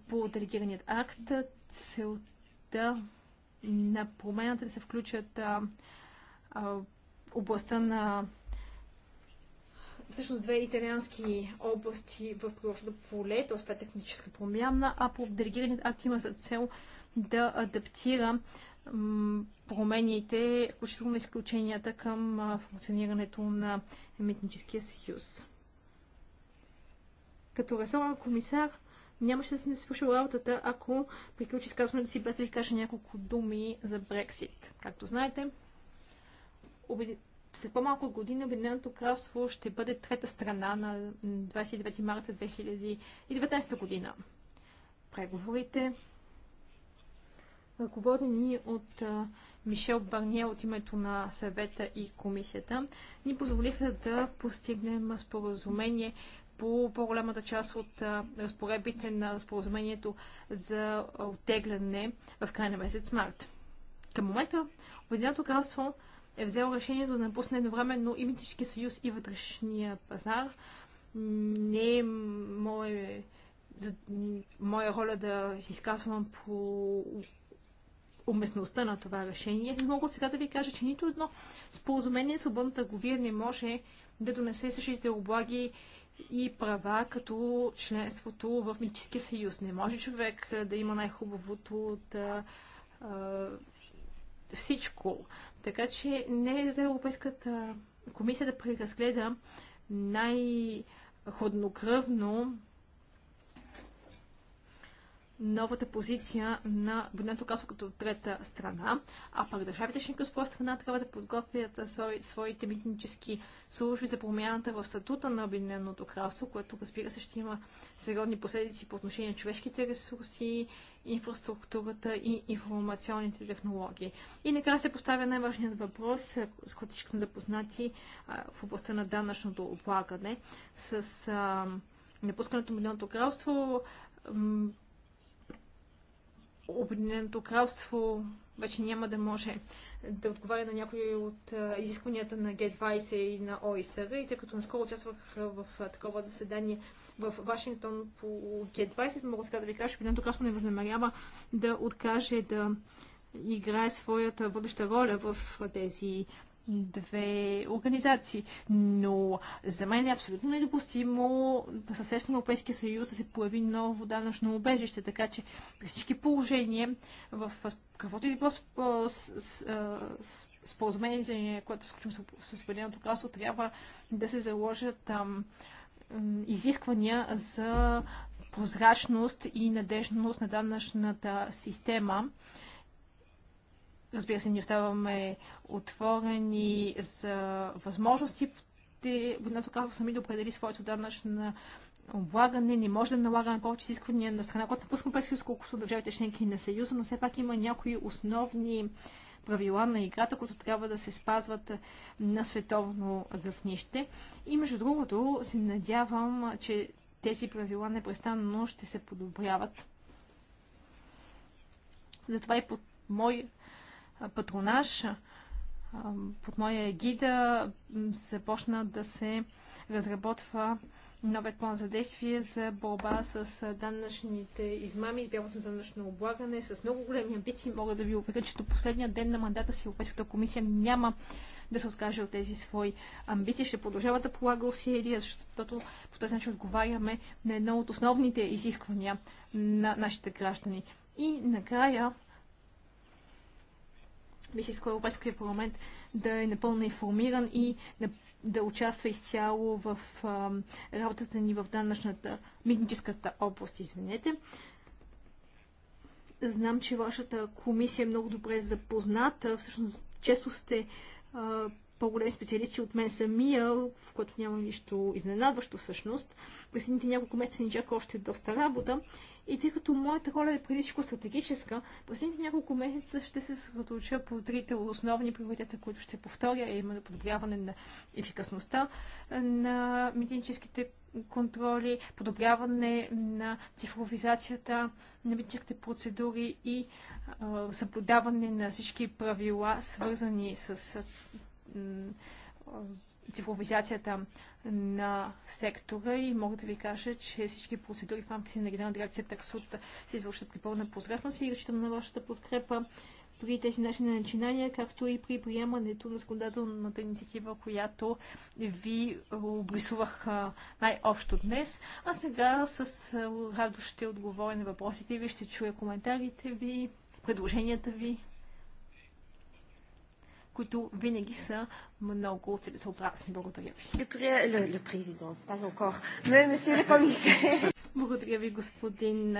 по делегираният акт. Целта на промената е да се включат а, а, областта на всъщност две италиански области в приложното поле, т.е. това е техническа промяна, а по делегираният акт има за цел да адаптира промените, включително изключенията към функционирането на Митническия съюз като ресорен комисар нямаше да съм не свършил работата, ако приключи изказването си без да ви кажа няколко думи за Брексит. Както знаете, след по-малко година Обединеното кралство ще бъде трета страна на 29 марта 2019 година. Преговорите, ръководени от Мишел Барние от името на съвета и комисията, ни позволиха да постигнем споразумение, по по-голямата част от разпоредбите на споразумението за оттегляне в край на месец март. Към момента Обединеното кралство е взело решението да напусне едновременно и митически съюз и вътрешния пазар. Не е мое, за, моя роля да изказвам по уместността на това решение. Мога сега да ви кажа, че нито едно споразумение свободна търговия не може да донесе същите облаги и права, като членството в Митическия съюз. Не може човек да има най-хубавото от а, всичко. Така че не е за Европейската комисия да преразгледа най-хладнокръвно новата позиция на Бонето Касо като трета страна, а пък държавите членки от своя страна трябва да подготвят своите митнически служби за промяната в статута на Обединеното кралство, което разбира се ще има сериозни последици по отношение на човешките ресурси, инфраструктурата и информационните технологии. И накрая се поставя най-важният въпрос, е, с който всички сме запознати в областта на данъчното облагане. С а, напускането на Обединеното кралство Обединеното кралство вече няма да може да отговаря на някои от изискванията на g 20 и на ОИСР. И тъй като наскоро участвах в такова заседание в Вашингтон по g 20 мога сега да ви кажа, че Обединеното кралство не възнамерява да откаже да играе своята водеща роля в тези две организации. Но за мен е абсолютно недопустимо съседство на Европейския съюз да се появи ново данъчно убежище, така че при всички положения в каквото и да било споразумение, което сключим с Обединеното кралство, трябва да се заложат ам, изисквания за прозрачност и надежност на данъчната система. Разбира се, ни оставаме отворени за възможности. на тогава сами да определи своето данъчно облагане, не може да налагаме повече изисквания на страна, която напускам през съюз, колкото държавите членки на Съюза, но все пак има някои основни правила на играта, които трябва да се спазват на световно равнище. И между другото, се надявам, че тези правила непрестанно ще се подобряват. Затова и под мой патронаж под моя егида започна да се разработва новият план за действие за борба с данъчните измами, с на данъчно облагане. С много големи амбиции мога да ви уверя, че до последния ден на мандата си Европейската комисия няма да се откаже от тези свои амбиции. Ще продължава да полага усилия, защото по този начин отговаряме на едно от основните изисквания на нашите граждани. И накрая бих искала Европейския парламент да е напълно информиран и да участва изцяло в а, работата ни в данъчната митническата област. Извинете. Знам, че вашата комисия е много добре запозната. Всъщност, често сте а, по-големи специалисти от мен самия, в което няма нищо изненадващо всъщност. През няколко месеца ни чака още доста работа и тъй като моята роля е преди всичко стратегическа, последните няколко месеца ще се съсредоточа по трите основни приоритета, които ще повторя, е именно подобряване на ефикасността на медицинските контроли, подобряване на цифровизацията на медицинските процедури и а, съблюдаване на всички правила, свързани с а, цифровизацията на сектора и мога да ви кажа, че всички процедури в рамките на Генерална дирекция таксот се извършват при пълна прозрачност и разчитам на вашата подкрепа при тези наши начинания, както и при приемането на законодателната инициатива, която ви обрисувах най-общо днес. А сега с радост ще отговоря на въпросите ви, ще чуя коментарите ви, предложенията ви които винаги са много целесообразни. Благодаря ви. Благодаря ви, господин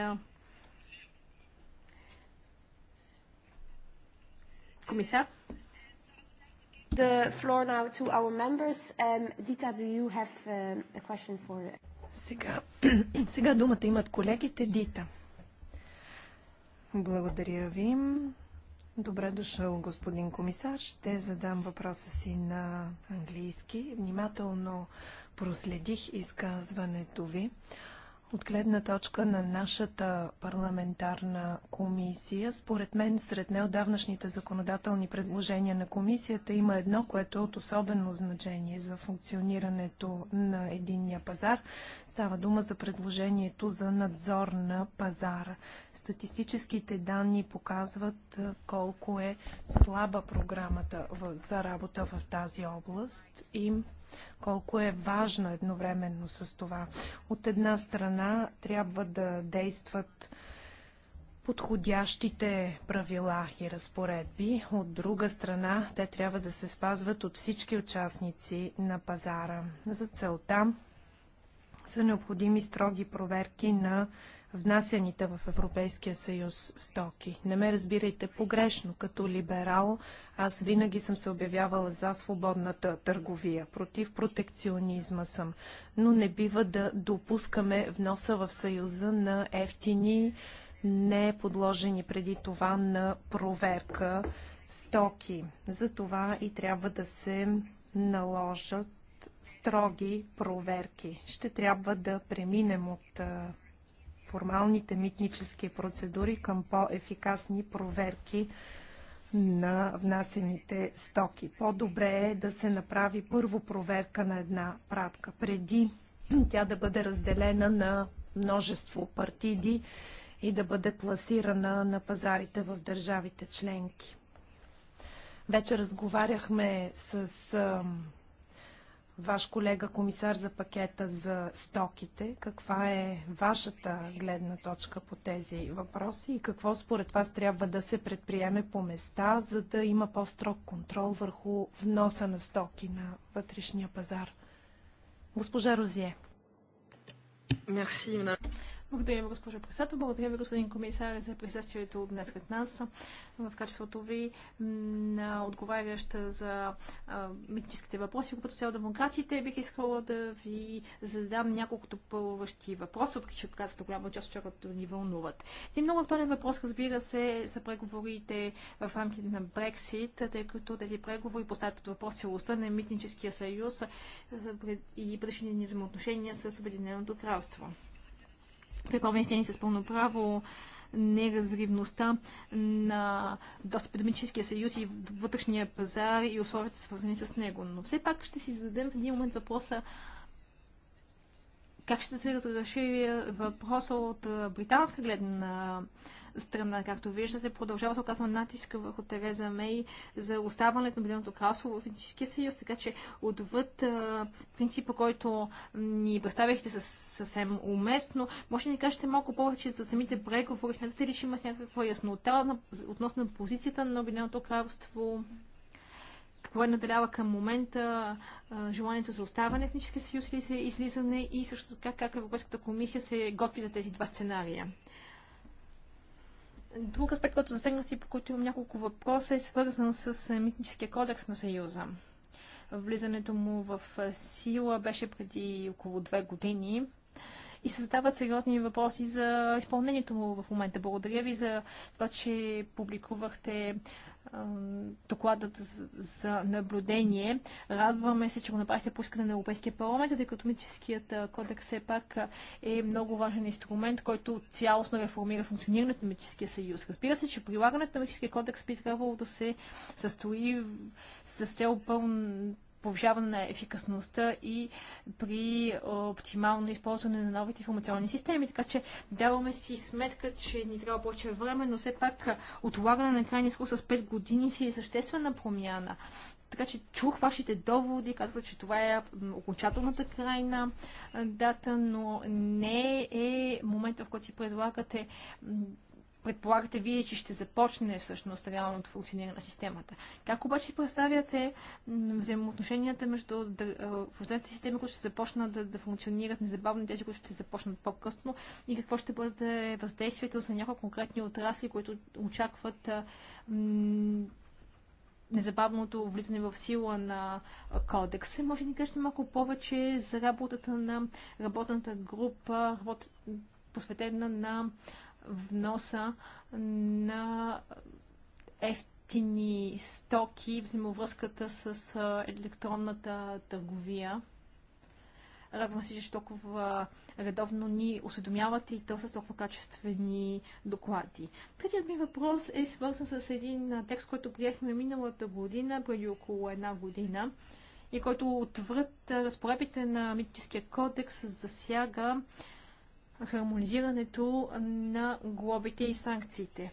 комисар. The floor now to our members. Um, Dita, do you have um, a question for... Uh, сега, сега думата имат колегите. Дита. Благодаря ви. Добре дошъл, господин комисар. Ще задам въпроса си на английски. Внимателно проследих изказването ви. От гледна точка на нашата парламентарна комисия, според мен сред неодавнашните законодателни предложения на комисията има едно, което е от особено значение за функционирането на единния пазар. Става дума за предложението за надзор на пазара. Статистическите данни показват колко е слаба програмата за работа в тази област и колко е важно едновременно с това. От една страна трябва да действат подходящите правила и разпоредби, от друга страна те трябва да се спазват от всички участници на пазара. За целта са необходими строги проверки на внасяните в Европейския съюз стоки. Не ме разбирайте погрешно. Като либерал аз винаги съм се обявявала за свободната търговия. Против протекционизма съм. Но не бива да допускаме вноса в съюза на ефтини, не подложени преди това на проверка стоки. Затова и трябва да се наложат строги проверки. Ще трябва да преминем от формалните митнически процедури към по-ефикасни проверки на внасените стоки. По-добре е да се направи първо проверка на една пратка, преди тя да бъде разделена на множество партиди и да бъде пласирана на пазарите в държавите членки. Вече разговаряхме с ваш колега комисар за пакета за стоките. Каква е вашата гледна точка по тези въпроси и какво според вас трябва да се предприеме по места, за да има по-строг контрол върху вноса на стоки на вътрешния пазар? Госпожа Розие. Мерси, благодаря ви, госпожо председател. Благодаря ви, господин комисар, за присъствието днес след нас в качеството ви на отговаряща за а, митническите въпроси. Групата социал-демократите бих искала да ви задам няколко допълващи въпроси, въпреки че казахте голяма част от тях ни вълнуват. Един много актуален въпрос, разбира се, са преговорите в рамките на Брексит, тъй като тези преговори поставят под въпрос целостта на митническия съюз и бъдещите ни взаимоотношения с Обединеното кралство припомнихте ни с право неразривността на достъп до съюз и вътрешния пазар и условията свързани с него. Но все пак ще си зададем в един момент въпроса, как ще се разреши е, въпроса от е, британска гледна страна. Както виждате, продължава се оказва натиска върху Тереза Мей за оставането на Обединеното кралство в Етническия съюз, така че отвъд е, принципа, който ни представихте със, съвсем уместно, може да ни кажете малко повече за самите преговори. Смятате ли, че има някаква яснота относно позицията на Обединеното кралство? какво е наделява към момента желанието за оставане в етническия съюз или излизане и също така как Европейската комисия се готви за тези два сценария. Друг аспект, който е засегнах и по който имам няколко въпроса, е свързан с митническия кодекс на Съюза. Влизането му в сила беше преди около две години и създават сериозни въпроси за изпълнението му в момента. Благодаря ви за това, че публикувахте докладът за наблюдение. Радваме се, че го направихте по искане на Европейския парламент, тъй като митическият кодекс все пак е много важен инструмент, който цялостно реформира функционирането на митическия съюз. Разбира се, че прилагането на митическия кодекс би трябвало да се състои с цел пълно повишаване на ефикасността и при оптимално използване на новите информационни системи. Така че даваме си сметка, че ни трябва повече време, но все пак отлагане на крайния срок с 5 години си е съществена промяна. Така че чух вашите доводи, казах, че това е окончателната крайна дата, но не е момента, в който си предлагате предполагате вие, че ще започне всъщност реалното функциониране на системата. Как обаче си представяте взаимоотношенията между функционалните системи, които ще започнат да, да функционират незабавно и тези, които ще започнат по-късно и какво ще бъде въздействието за някои конкретни отрасли, които очакват незабавното влизане в сила на кодекса. Може да ни кажете малко повече за работата на работната група, работ... посветена на вноса на ефтини стоки, взаимовръзката с електронната търговия. Радвам се, че толкова редовно ни осведомявате и то с толкова качествени доклади. Третият ми въпрос е свързан с един текст, който приехме миналата година, преди около една година и който отвърт разпоредбите на митническия кодекс засяга хармонизирането на глобите и санкциите.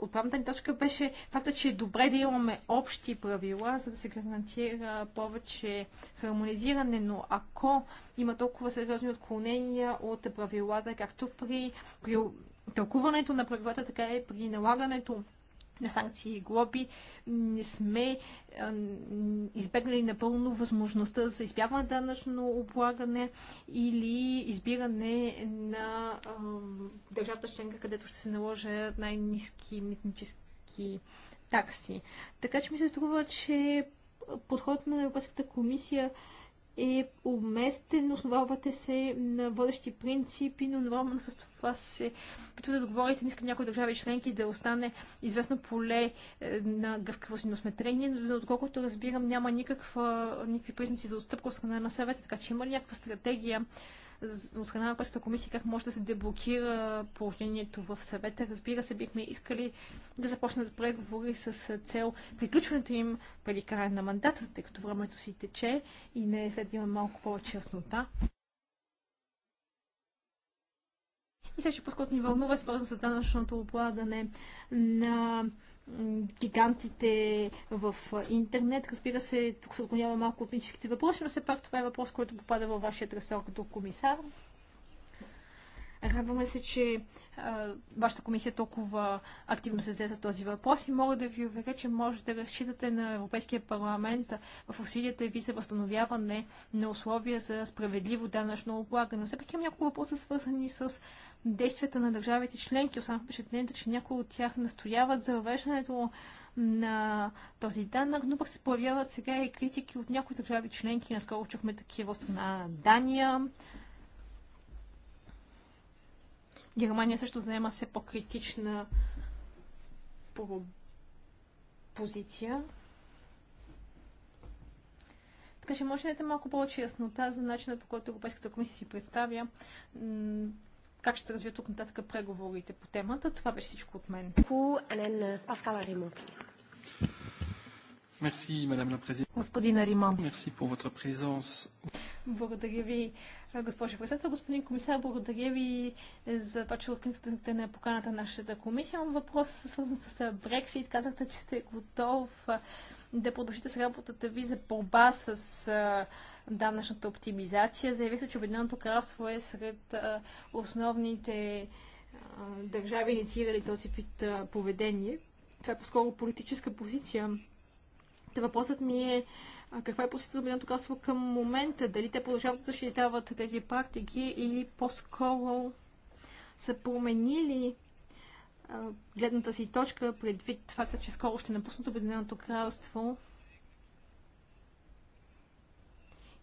Отправната ни точка беше факта, че е добре да имаме общи правила, за да се гарантира повече хармонизиране, но ако има толкова сериозни отклонения от правилата, както при, при тълкуването на правилата, така и при налагането на санкции и глоби, не сме е, избегнали напълно възможността за избягване на данъчно облагане или избиране на държавата членка, където ще се наложат най-низки митнически такси. Така че ми се струва, че подход на Европейската комисия е уместен, основавате се на водещи принципи, но нормално с това се опитвате да говорите, не искам някои държави членки да остане известно поле е, на гъвкавост и усмотрение, но доколкото разбирам, няма никаква, никакви признаци за отстъпка от страна на съвета, така че има ли някаква стратегия от страна на Пърската комисия как може да се деблокира положението в съвета. Разбира се, бихме искали да започнат преговори с цел приключването им преди края на мандата, тъй като времето си тече и не е след да има малко повече яснота. И следващия път, който ни вълнува, свързан с данъчното облагане на гигантите в интернет. Разбира се, тук се отклонява малко от въпроси, но все пак това е въпрос, който попада във вашия ресор като комисар. Радваме се, че а, вашата комисия е толкова активно се взе с този въпрос и мога да ви уверя, че можете да разчитате на Европейския парламент в усилията ви за възстановяване на условия за справедливо данъчно облагане. Все пак имам няколко въпроса, свързани с действията на държавите членки. освен впечатлението, че някои от тях настояват за въвеждането на този данък, но пък се появяват сега и критики от някои държави членки. Наскоро чухме такива страна Дания, Германия също заема все по-критична позиция. Така че може да дадете малко повече яснота за начина по който Европейската комисия си представя как ще се развият тук нататък преговорите по темата. Това беше всичко от мен. Merci, Madame la Господин Ариман. Благодаря ви Госпожи председател. Господин комисар, благодаря ви за това, че откликнахте на поканата на нашата комисия. Имам въпрос свързан с Брексит. Казахте, че сте готов да продължите с работата ви за борба с данъчната оптимизация. Заявихте, че Обединеното кралство е сред основните държави, инициирали този вид поведение. Това е по-скоро политическа позиция. Та въпросът ми е а каква е позицията на Обединеното кралство към момента? Дали те продължават да защитават тези практики или по-скоро са променили а, гледната си точка предвид факта, че скоро ще напуснат Обединеното кралство?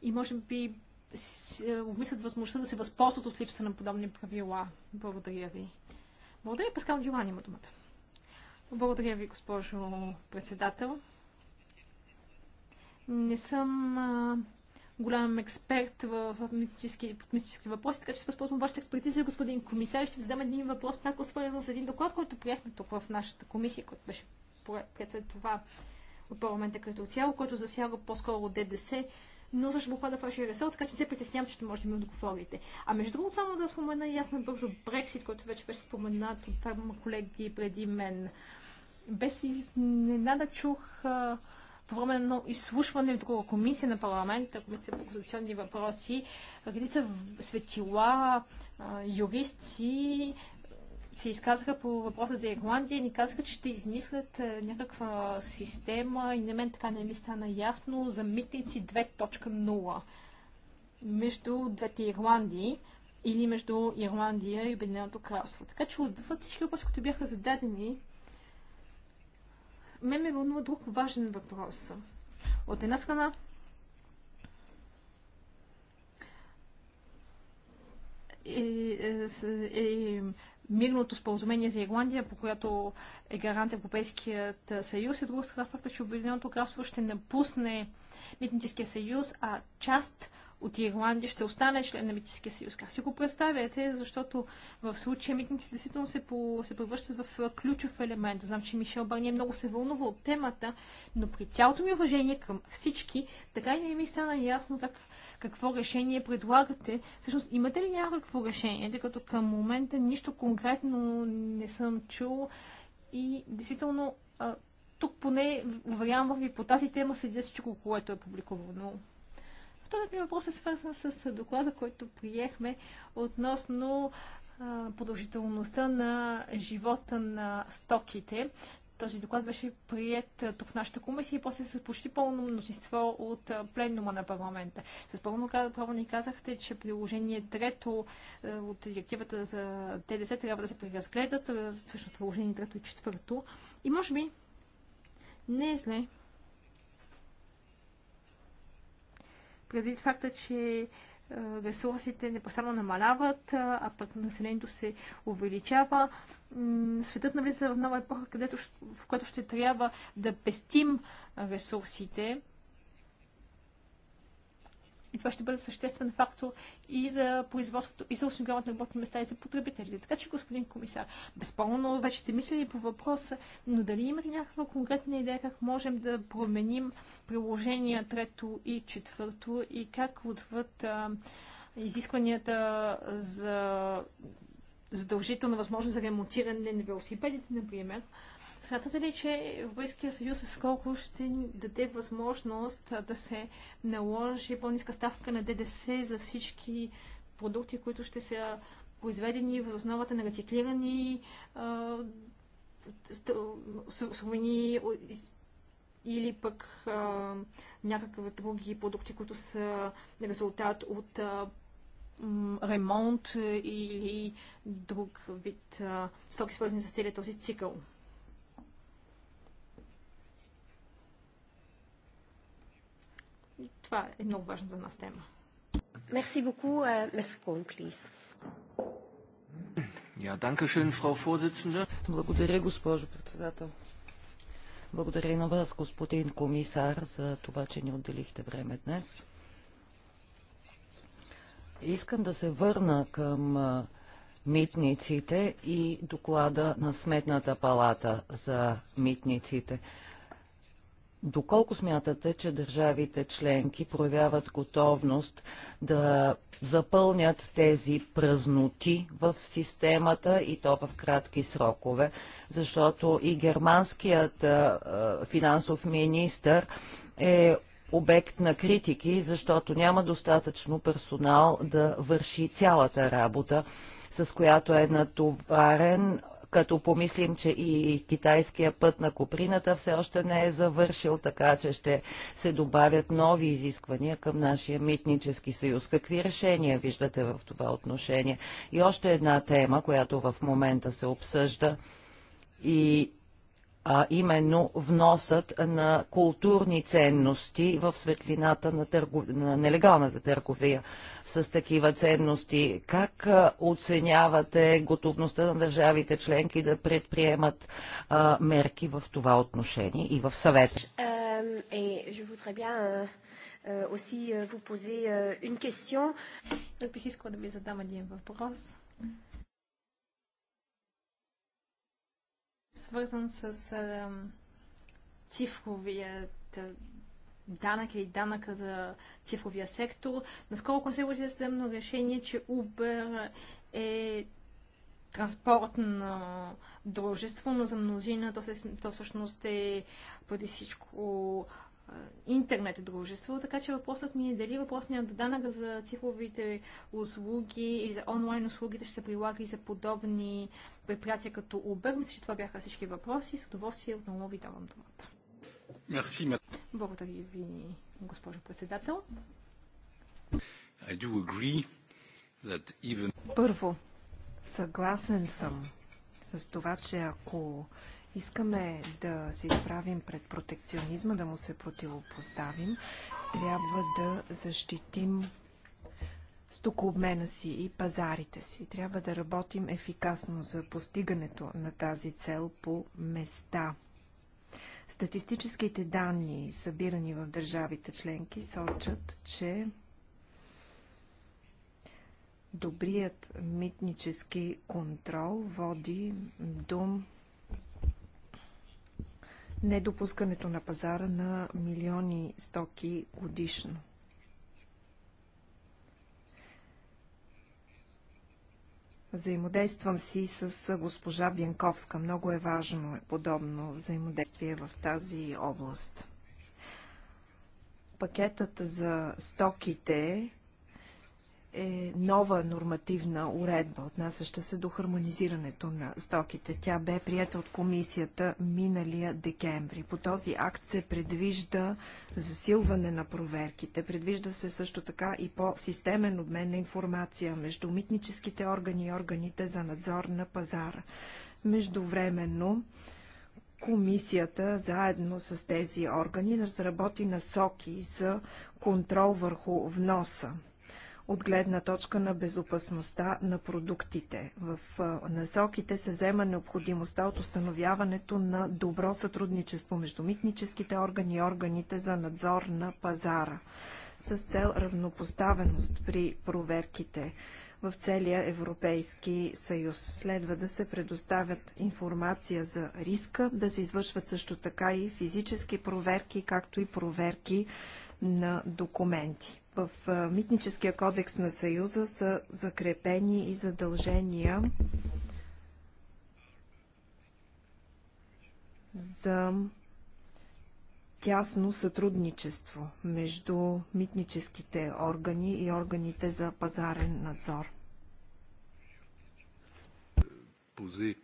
И може би е, обмислят възможността да се възползват от липса на подобни правила. Благодаря ви. Благодаря, Паскал Дюран има думата. Благодаря ви, госпожо председател. Не съм а, голям експерт в, в мистически, в мистически въпроси, така че се възползвам вашата експертиза, господин комисар. Ще ви задам един въпрос, пряко свързан с един доклад, който приехме тук в нашата комисия, който беше пред след това от парламента като цяло, който засяга по-скоро ДДС, но също попада в вашия ресор, така че се притеснявам, че може да ми отговорите. А между другото, само да спомена ясно бързо Брексит, който вече беше споменат от колеги преди мен. Без изненада чух а, по време на едно изслушване в друга комисия на парламента, комисия по конституционни въпроси, редица светила, юристи се изказаха по въпроса за Ирландия и ни казаха, че ще измислят някаква система и на мен така не ми стана ясно за митници 2.0 между двете Ирландии или между Ирландия и Обединеното кралство. Така че отвъд всички въпроси, които бяха зададени, мен ме вълнува друг важен въпрос. От една страна, е, е, е мирното споразумение за Ирландия, по която е гарант Европейският съюз. И друга страна факта, че Обединеното кралство ще напусне митническия съюз, а част от Ирландия ще остане член на Митническия съюз. Как си го представяте? Защото в случая митниците действително се, по, се превръщат в ключов елемент. Знам, че Мишел Барния много се вълнува от темата, но при цялото ми уважение към всички, така и не ми стана ясно как, какво решение предлагате. Всъщност, имате ли някакво решение, тъй като към момента нищо конкретно не съм чул и действително тук поне, уверявам ви, по тази тема следя всичко, което е публикувано Вторият ми въпрос е свързан с доклада, който приехме относно продължителността на живота на стоките. Този доклад беше прият тук в нашата комисия и после с почти пълно мнозинство от пленума на парламента. С пълно право ни казахте, че приложение трето от директивата за ТДС трябва да се преразгледат, всъщност приложение трето и четвърто. И може би не е зле предвид факта, че ресурсите непрестанно намаляват, а пък населението се увеличава. Светът навлиза в нова епоха, където, в която ще трябва да пестим ресурсите. И това ще бъде съществен фактор и за производството, и за осигуряването на работни места, и за потребителите. Така че, господин комисар, безпълно вече сте мислили по въпроса, но дали имате някаква конкретна идея как можем да променим приложения трето и четвърто и как отвъд а, изискванията за задължителна възможност за ремонтиране на велосипедите, например, Смятате ли, че Европейския съюз скоро ще ни даде възможност да се наложи по-ниска ставка на ДДС за всички продукти, които ще са произведени в основата на рециклирани сувени или пък а, някакви други продукти, които са резултат от а, ремонт или друг вид а, стоки, свързани с целият този цикъл. това е много важна за нас тема. Merci beaucoup, uh, yeah, schön, Благодаря, госпожо председател. Благодаря и на вас, господин комисар, за това, че ни отделихте време днес. Искам да се върна към митниците и доклада на Сметната палата за митниците. Доколко смятате, че държавите членки проявяват готовност да запълнят тези празноти в системата и то в кратки срокове, защото и германският финансов министр е обект на критики, защото няма достатъчно персонал да върши цялата работа, с която е натоварен като помислим, че и китайския път на Коприната все още не е завършил, така че ще се добавят нови изисквания към нашия митнически съюз. Какви решения виждате в това отношение? И още една тема, която в момента се обсъжда и а именно вносът на културни ценности в светлината на, търго... на нелегалната търговия с такива ценности. Как оценявате готовността на държавите членки да предприемат а, мерки в това отношение и в съвет. Е, Аз бих искала да ви задам един въпрос свързан с а, цифровият данък или данъка за цифровия сектор. Наскоро консервативно съдебно решение, че Uber е транспортно дружество, но за мнозина то, се, то всъщност е преди всичко интернет е дружество, така че въпросът ми е дали въпросният данък за цифровите услуги или за онлайн услугите ще се прилага и за подобни предприятия като Uber. Мисля, че това бяха всички въпроси. С удоволствие отново ви давам думата. Мерси, Благодаря ви, госпожо председател. I do agree that even... Първо, съгласен съм с това, че ако искаме да се изправим пред протекционизма, да му се противопоставим, трябва да защитим стокообмена си и пазарите си. Трябва да работим ефикасно за постигането на тази цел по места. Статистическите данни, събирани в държавите членки, сочат, че добрият митнически контрол води до недопускането на пазара на милиони стоки годишно. Взаимодействам си с госпожа Бянковска. Много е важно подобно взаимодействие в тази област. Пакетът за стоките е нова нормативна уредба, отнасяща се до хармонизирането на стоките. Тя бе прията от комисията миналия декември. По този акт се предвижда засилване на проверките. Предвижда се също така и по-системен обмен на информация между митническите органи и органите за надзор на пазара. Междувременно, комисията заедно с тези органи разработи насоки за контрол върху вноса от гледна точка на безопасността на продуктите. В насоките се взема необходимостта от установяването на добро сътрудничество между митническите органи и органите за надзор на пазара с цел равнопоставеност при проверките в целия Европейски съюз. Следва да се предоставят информация за риска, да се извършват също така и физически проверки, както и проверки на документи. В Митническия кодекс на Съюза са закрепени и задължения за тясно сътрудничество между митническите органи и органите за пазарен надзор. Е, е.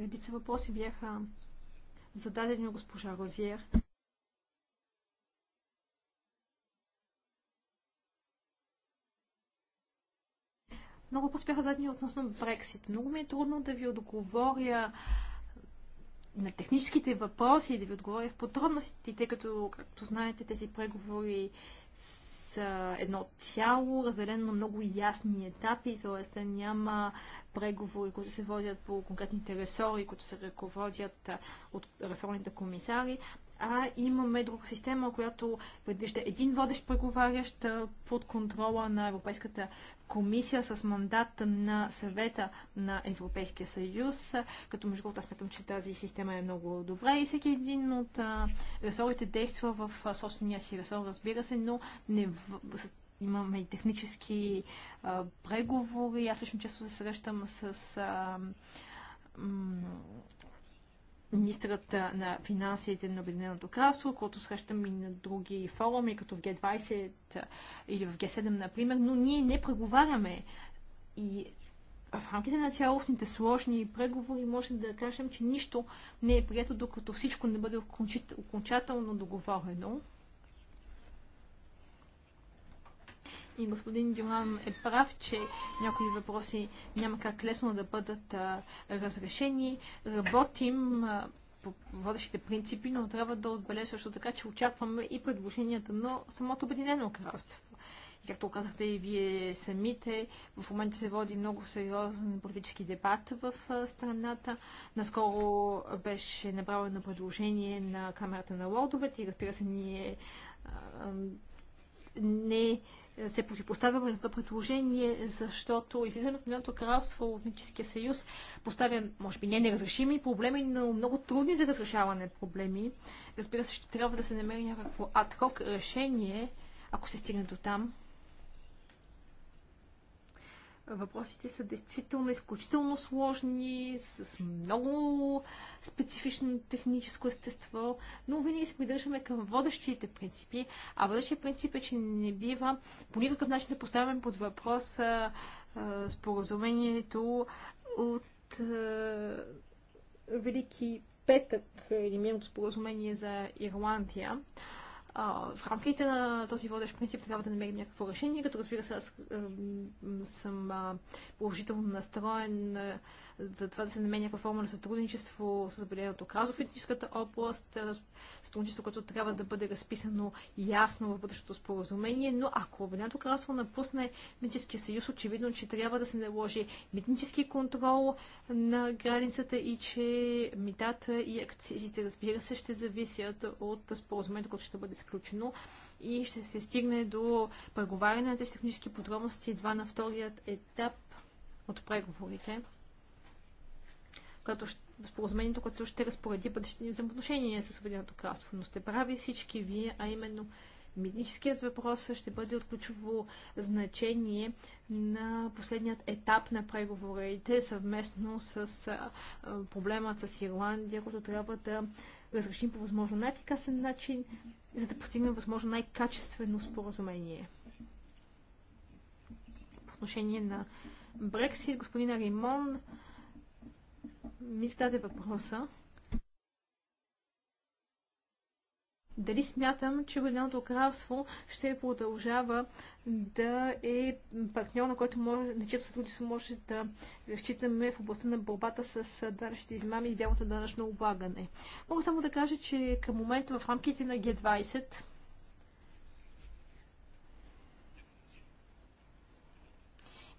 Редица въпроси бяха зададени госпожа Розиер. много поспяха задни относно Брексит. Много ми е трудно да ви отговоря на техническите въпроси и да ви отговоря в подробностите, тъй като, както знаете, тези преговори са едно цяло, разделено на много ясни етапи, т.е. няма преговори, които се водят по конкретните ресори, които се ръководят от ресорните комисари, а имаме друга система, която предвижда един водещ преговарящ под контрола на Европейската комисия с мандат на съвета на Европейския съюз, като между другото смятам, че тази система е много добра и всеки един от ресорите действа в собствения си ресор, разбира се, но не в, имаме и технически а, преговори. Аз лично често се срещам с а, министрът на финансите на Обединеното кралство, който срещам и на други форуми, като в Г20 или в Г7, например, но ние не преговаряме. И в рамките на цялостните сложни преговори може да кажем, че нищо не е прието, докато всичко не бъде окончателно договорено. И господин Дюран е прав, че някои въпроси няма как лесно да бъдат а, разрешени. Работим а, по водещите принципи, но трябва да отбележа също така, че очакваме и предложенията на самото Обединено кралство. както казахте и вие самите, в момента се води много сериозен политически дебат в страната. Наскоро беше направено предложение на Камерата на лордовете и разбира се, ние а, не се противопоставя на това предложение, защото излизането на кралство от Етническия съюз поставя, може би, не неразрешими проблеми, но много трудни за разрешаване проблеми. Разбира се, ще трябва да се намери някакво адхок решение, ако се стигне до там. Въпросите са действително изключително сложни, с много специфично техническо естество, но винаги се придържаме към водещите принципи. А водещия принцип е, че не бива по никакъв начин да поставяме под въпрос а, а, споразумението от а, Велики петък или мирното споразумение за Ирландия. А, а, в рамките на този водещ принцип трябва да намерим някакво решение, като разбира се аз съм а, положително настроен за това да се намени някаква форма на сътрудничество с Обединеното казо в етническата област, сътрудничество, което трябва да бъде разписано ясно в бъдещото споразумение, но ако Обединеното кралство напусне Митническия съюз, очевидно, че трябва да се наложи митнически контрол на границата и че митата и акцизите, разбира се, ще зависят от споразумението, което ще бъде сключено и ще се стигне до преговаряне на тези технически подробности едва на вторият етап от преговорите ще, споразумението, което ще разпореди бъдещите ни взаимоотношения с Обединеното кралство. Но сте прави всички вие, а именно митническият въпрос ще бъде от ключово значение на последният етап на преговорите съвместно с проблемът с Ирландия, който трябва да разрешим по възможно най-ефикасен начин, за да постигнем възможно най-качествено споразумение. По отношение на Брексит, господин Римон ми зададе въпроса дали смятам, че Обединеното кралство ще продължава да е партньор, на който може, на чието сътрудничество може да разчитаме в областта на борбата с данъчните измами и бялото данъчно облагане. Мога само да кажа, че към момента в рамките на Г20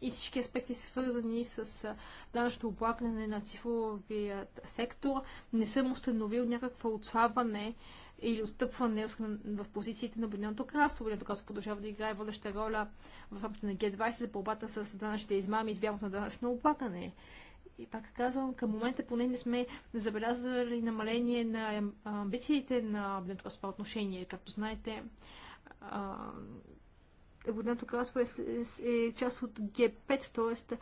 и всички аспекти свързани с данъчното облагане на цифровият сектор, не съм установил някакво отслабване или отстъпване в позициите на Обединеното кралство. Обединеното кралство продължава да играе водеща роля в рамките на Г20 за борбата с данъчните измами и избягването на данъчно облагане. И пак казвам, към момента поне не сме забелязали намаление на амбициите на Обединеното кралство отношение. Както знаете, Обединеното кралство е, е част от Г5, т.е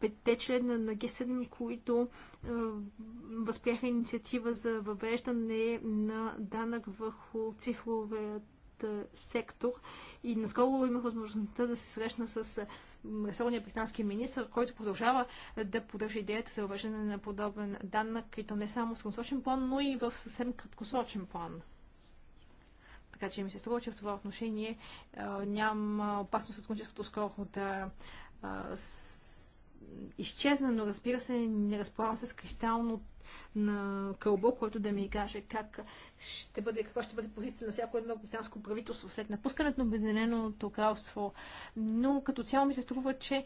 петте члена на Г7, които е, инициатива за въвеждане на данък върху цифровият сектор. И наскоро имах възможността да се срещна с ресорния британски министр, който продължава да поддържа идеята за въвеждане на подобен данък, и то не само в средносрочен план, но и в съвсем краткосрочен план. Така че ми се струва, че в това отношение няма опасност от кончеството скоро да изчезна, но разбира се, не разполагам с кристално на кълбо, който да ми каже как ще бъде, каква ще бъде позиция на всяко едно британско правителство след напускането на Обединеното кралство. Но като цяло ми се струва, че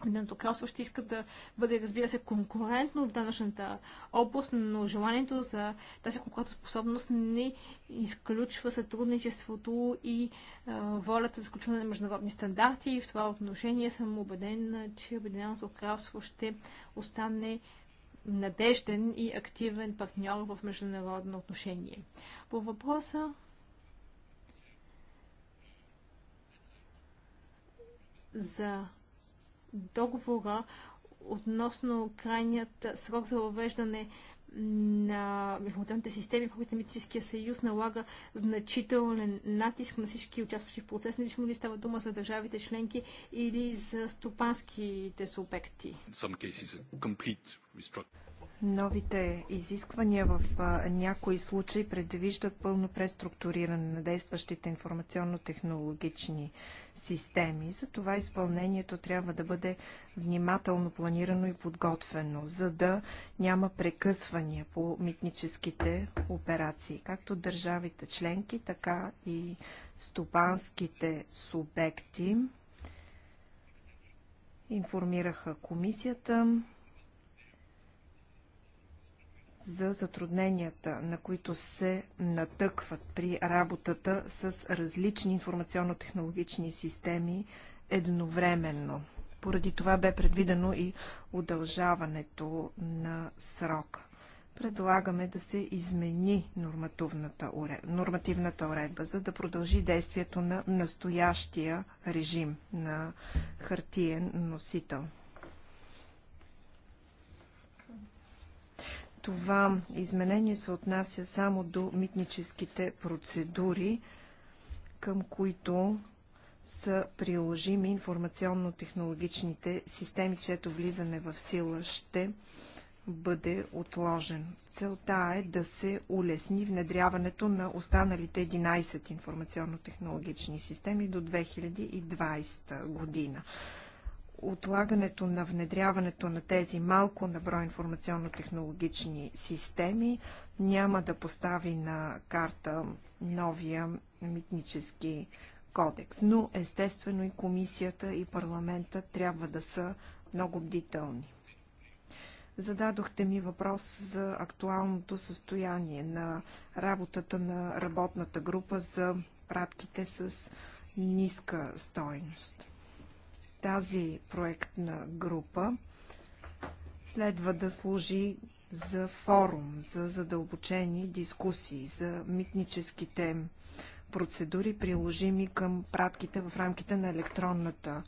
Обединеното кралство ще иска да бъде, разбира се, конкурентно в данъчната област, но желанието за тази конкурентоспособност не изключва сътрудничеството и а, волята за включване на международни стандарти. И в това отношение съм убеден, че Обединеното кралство ще остане надежден и активен партньор в международно отношение. По въпроса за договора относно крайният срок за въвеждане на информационните системи в рамките Митническия съюз налага значителен натиск на всички участващи в процес, независимо ли става дума за държавите членки или за стопанските субекти. Новите изисквания в някои случаи предвиждат пълно преструктуриране на действащите информационно-технологични системи. Затова изпълнението трябва да бъде внимателно планирано и подготвено, за да няма прекъсвания по митническите операции, както държавите членки, така и стопанските субекти. Информираха комисията за затрудненията, на които се натъкват при работата с различни информационно-технологични системи едновременно. Поради това бе предвидено и удължаването на срока. Предлагаме да се измени нормативната уредба, за да продължи действието на настоящия режим на хартиен носител. Това изменение се отнася само до митническите процедури, към които са приложими информационно-технологичните системи, чето влизане в сила ще бъде отложен. Целта е да се улесни внедряването на останалите 11 информационно-технологични системи до 2020 година отлагането на внедряването на тези малко на брой информационно-технологични системи няма да постави на карта новия митнически кодекс. Но естествено и комисията и парламента трябва да са много бдителни. Зададохте ми въпрос за актуалното състояние на работата на работната група за пратките с ниска стойност. Тази проектна група следва да служи за форум, за задълбочени дискусии, за митническите процедури, приложими към пратките в рамките на електронната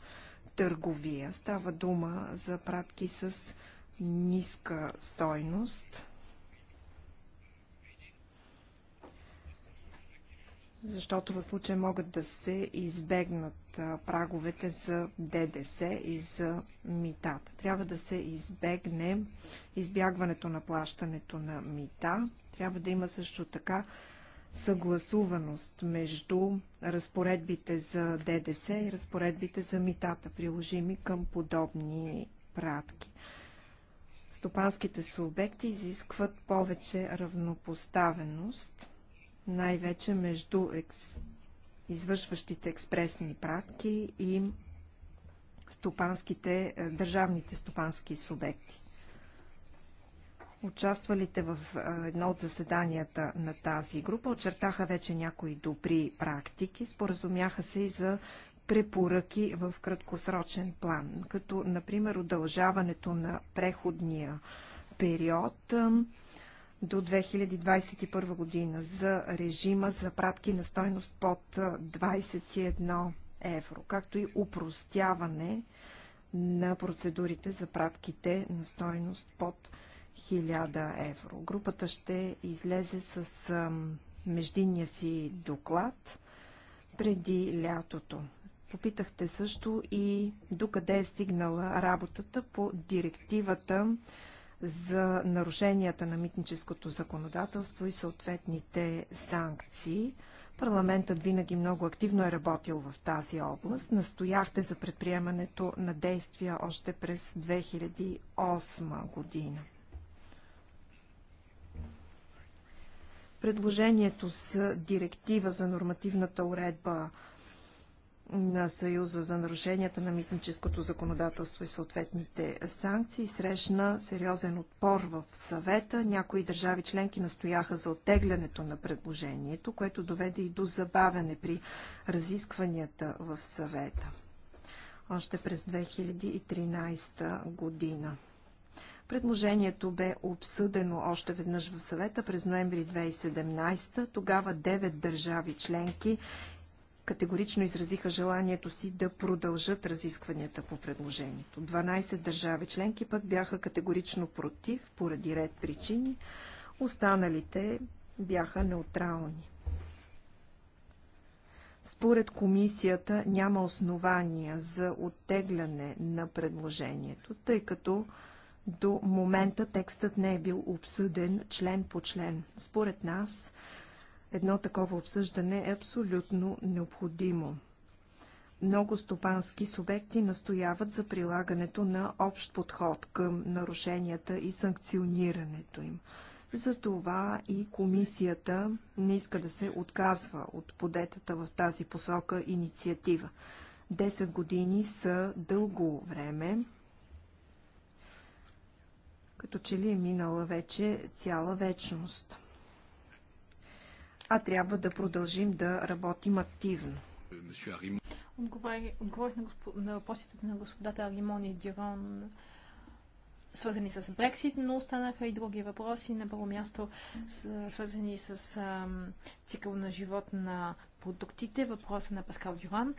търговия. Става дума за пратки с ниска стойност. защото в случая могат да се избегнат праговете за ДДС и за митата. Трябва да се избегне избягването на плащането на мита. Трябва да има също така съгласуваност между разпоредбите за ДДС и разпоредбите за митата, приложими към подобни пратки. Стопанските субекти изискват повече равнопоставеност – най-вече между екс... извършващите експресни пратки и стопанските, е, държавните стопански субекти. Участвалите в е, едно от заседанията на тази група очертаха вече някои добри практики, споразумяха се и за препоръки в краткосрочен план, като например удължаването на преходния период, до 2021 година за режима за пратки на стойност под 21 евро, както и упростяване на процедурите за пратките на стойност под 1000 евро. Групата ще излезе с междинния си доклад преди лятото. Попитахте също и докъде е стигнала работата по директивата за нарушенията на митническото законодателство и съответните санкции. Парламентът винаги много активно е работил в тази област. Настояхте за предприемането на действия още през 2008 година. Предложението с директива за нормативната уредба на Съюза за нарушенията на митническото законодателство и съответните санкции срещна сериозен отпор в съвета. Някои държави членки настояха за оттеглянето на предложението, което доведе и до забавяне при разискванията в съвета още през 2013 година. Предложението бе обсъдено още веднъж в съвета през ноември 2017. Тогава 9 държави членки категорично изразиха желанието си да продължат разискванията по предложението. 12 държави членки пък бяха категорично против поради ред причини. Останалите бяха неутрални. Според комисията няма основания за оттегляне на предложението, тъй като до момента текстът не е бил обсъден член по член. Според нас едно такова обсъждане е абсолютно необходимо. Много стопански субекти настояват за прилагането на общ подход към нарушенията и санкционирането им. Затова и комисията не иска да се отказва от подетата в тази посока инициатива. Десет години са дълго време, като че ли е минала вече цяла вечност а трябва да продължим да работим активно. Отговорих, на, госпо, на въпросите на господата Аримон и Дюрон, свързани с Брексит, но останаха и други въпроси. На първо място, свързани с цикъл на живот на продуктите, въпроса на Паскал Дюран.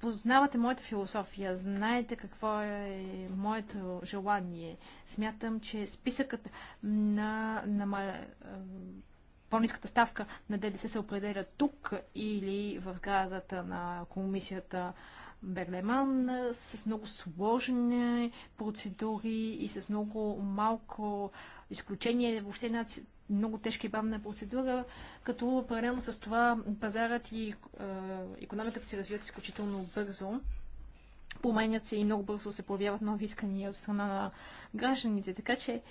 Познавате моята философия, знаете какво е моето желание. Смятам, че списъкът на, на, на по-низката ставка на ДДС се определя тук или в сградата на комисията Берлеман с много сложни процедури и с много малко изключение. Въобще една много тежка и бавна процедура, като паралелно с това пазарът и е, економиката се развиват изключително бързо. Променят се и много бързо се появяват нови искания от страна на гражданите. Така че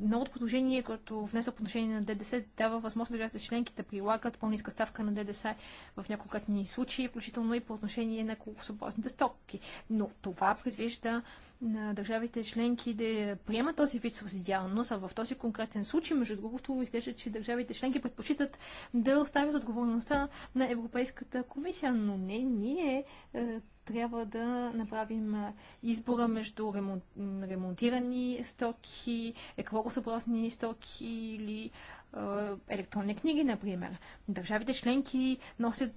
новото положение, което внесе по отношение на ДДС, дава възможност държавите членки да прилагат по-ниска ставка на ДДС в няколкократни случаи, включително и по отношение на колко колкосъобразните стоки. Но това предвижда на държавите членки да приемат този вид субсидиалност, а в този конкретен случай, между другото, изглежда, че държавите членки предпочитат да оставят отговорността на Европейската комисия, но не ние е, трябва да направим е, избора между ремонтирани стоки, екологосъобразни стоки или е, електронни книги, например. Държавите членки носят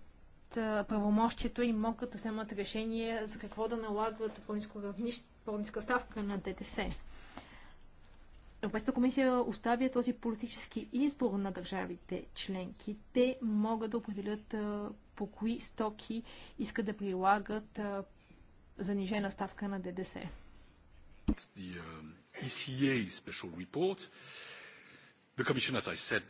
правомощието и могат да вземат решение за какво да налагат по-низко равнище по-ниска ставка на ДДС. Европейската комисия оставя този политически избор на държавите членки. Те могат да определят по кои стоки искат да прилагат занижена ставка на ДДС. The, uh, e ECA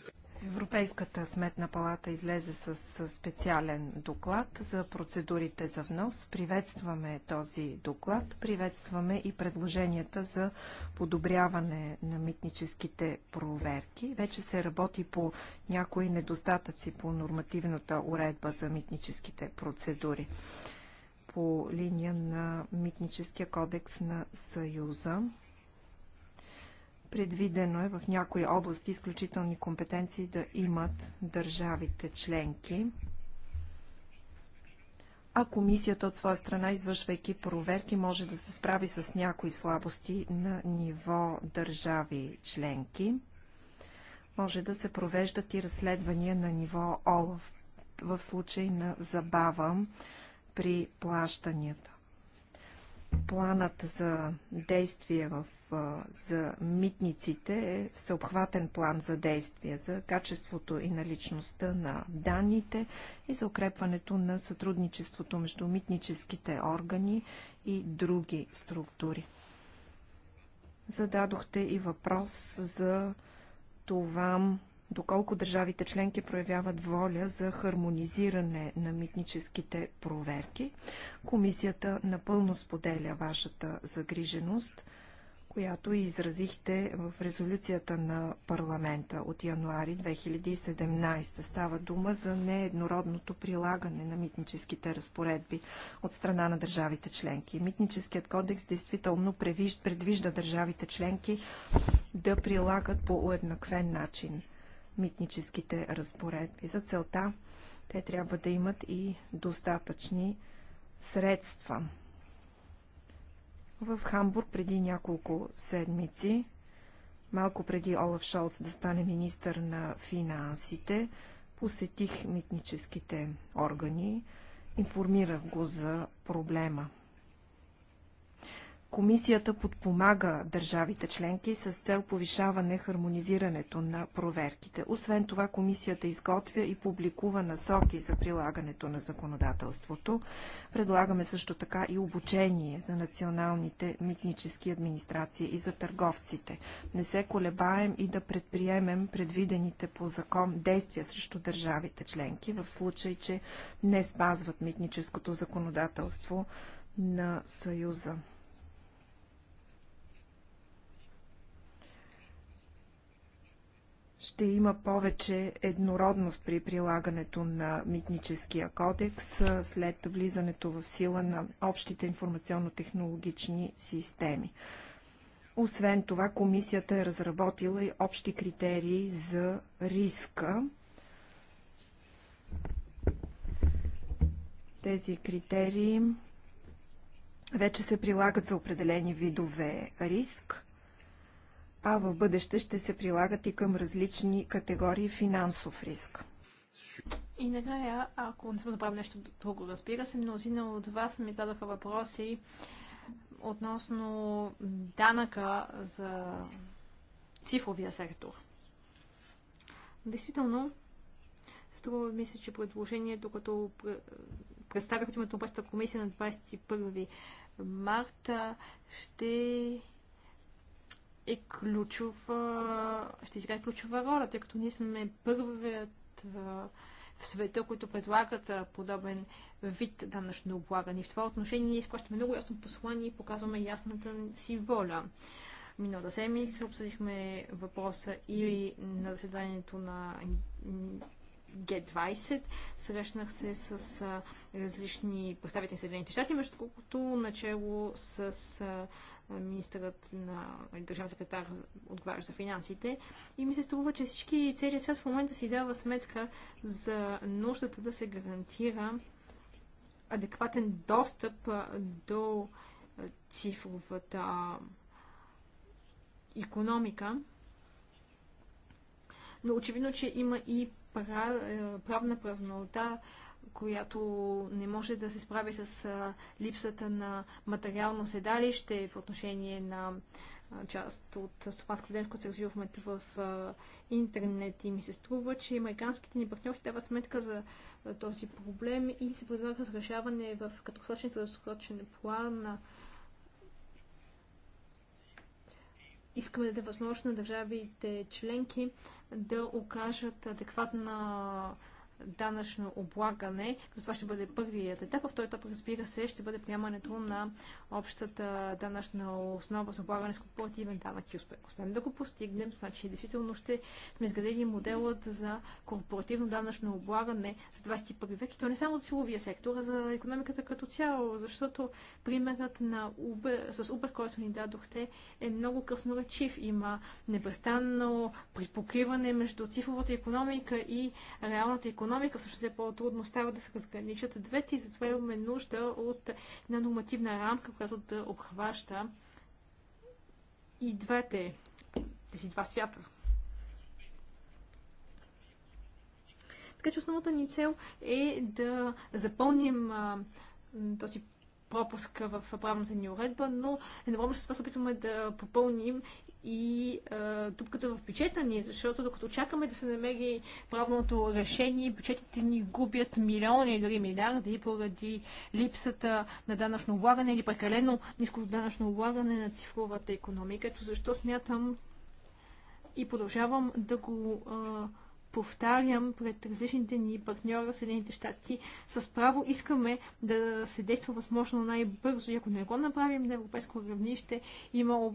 Европейската сметна палата излезе с специален доклад за процедурите за внос. Приветстваме този доклад. Приветстваме и предложенията за подобряване на митническите проверки. Вече се работи по някои недостатъци по нормативната уредба за митническите процедури по линия на Митническия кодекс на Съюза. Предвидено е в някои области изключителни компетенции да имат държавите членки. А комисията от своя страна, извършвайки проверки, може да се справи с някои слабости на ниво държави членки. Може да се провеждат и разследвания на ниво ОЛАФ в случай на забава при плащанията планът за действие в, за митниците е всеобхватен план за действие за качеството и наличността на данните и за укрепването на сътрудничеството между митническите органи и други структури. Зададохте и въпрос за това доколко държавите членки проявяват воля за хармонизиране на митническите проверки. Комисията напълно споделя вашата загриженост, която изразихте в резолюцията на парламента от януари 2017. Става дума за нееднородното прилагане на митническите разпоредби от страна на държавите членки. Митническият кодекс действително предвижда държавите членки да прилагат по уеднаквен начин митническите разпоредби. За целта те трябва да имат и достатъчни средства. В Хамбург преди няколко седмици, малко преди Олаф Шолц да стане министър на финансите, посетих митническите органи, информирах го за проблема. Комисията подпомага държавите членки с цел повишаване хармонизирането на проверките. Освен това, комисията изготвя и публикува насоки за прилагането на законодателството. Предлагаме също така и обучение за националните митнически администрации и за търговците. Не се колебаем и да предприемем предвидените по закон действия срещу държавите членки в случай, че не спазват митническото законодателство на Съюза. ще има повече еднородност при прилагането на митническия кодекс след влизането в сила на общите информационно-технологични системи. Освен това, комисията е разработила и общи критерии за риска. Тези критерии вече се прилагат за определени видове риск а в бъдеще ще се прилагат и към различни категории финансов риск. И накрая, ако не съм забравил нещо друго, разбира се, мнозина от вас ми зададоха въпроси относно данъка за цифровия сектор. Действително, струва ми се, че предложението, като представях от името на комисия на 21 марта, ще е ключова, ще изиграе ключова роля, тъй като ние сме първият в света, които предлагат подобен вид данъчно облагане. в това отношение ние изпращаме много ясно послание и показваме ясната си воля. Миналата седмица обсъдихме въпроса и на заседанието на г20. Срещнах се с а, различни представители на Съединените щати, между другото, начало с а, министърът на държавен секретар отговарящ за финансите. И ми се струва, че всички, целият свят в момента си дава сметка за нуждата да се гарантира адекватен достъп до цифровата економика. Но очевидно, че има и е, правна празнота, която не може да се справи с липсата на материално седалище в отношение на част от стопанската дейност, която се развива в момента в интернет и ми се струва, че американските ни партньори дават сметка за този проблем и се предлага разрешаване в краткосрочен и средосрочен план на искаме да е възможно на държавите членки да окажат адекватна данъчно облагане, като това ще бъде първият етап. Вторият етап, разбира се, ще бъде приемането на общата данъчна основа за облагане с корпоративен данък и успех. Успеем да го постигнем, значи действително ще сме изградили моделът за корпоративно данъчно облагане за 21 век и то не само за силовия сектор, а за економиката като цяло, защото примерът на Uber, с Uber, който ни дадохте, е много красноречив. Има непрестанно припокриване между цифровата економика и реалната економика економика, всъщност е по-трудно става да се разграничат двете и затова имаме нужда от една нормативна рамка, която да обхваща и двете, тези два свята. Така че основната ни цел е да запълним а, този пропуск в правната ни уредба, но едновременно с това се опитваме да попълним и а, дупката в бюджета ни, защото докато чакаме да се намери правилното решение, бюджетите ни губят милиони, или милиарди поради липсата на данъчно облагане или прекалено ниско данъчно облагане на цифровата економика. Ето защо смятам и продължавам да го а, повтарям пред различните ни партньори в Съединените щати, с право искаме да се действа възможно най-бързо и ако не го направим на европейско равнище, има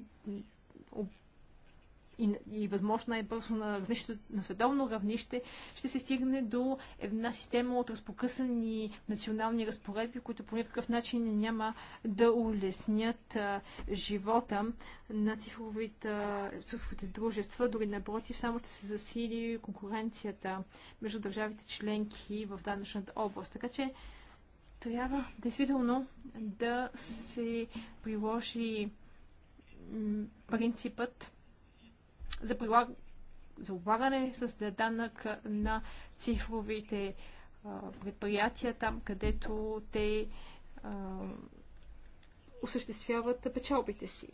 и, и възможно най-бързо на, на световно равнище, ще се стигне до една система от разпокъсани национални разпоредби, които по никакъв начин няма да улеснят а, живота на цифровите, цифровите дружества. Дори напротив, само ще се засили конкуренцията между държавите членки в данъчната област. Така че трябва действително да се приложи принципът за, прилаг... за облагане с данък на цифровите предприятия, там където те а, осъществяват печалбите си.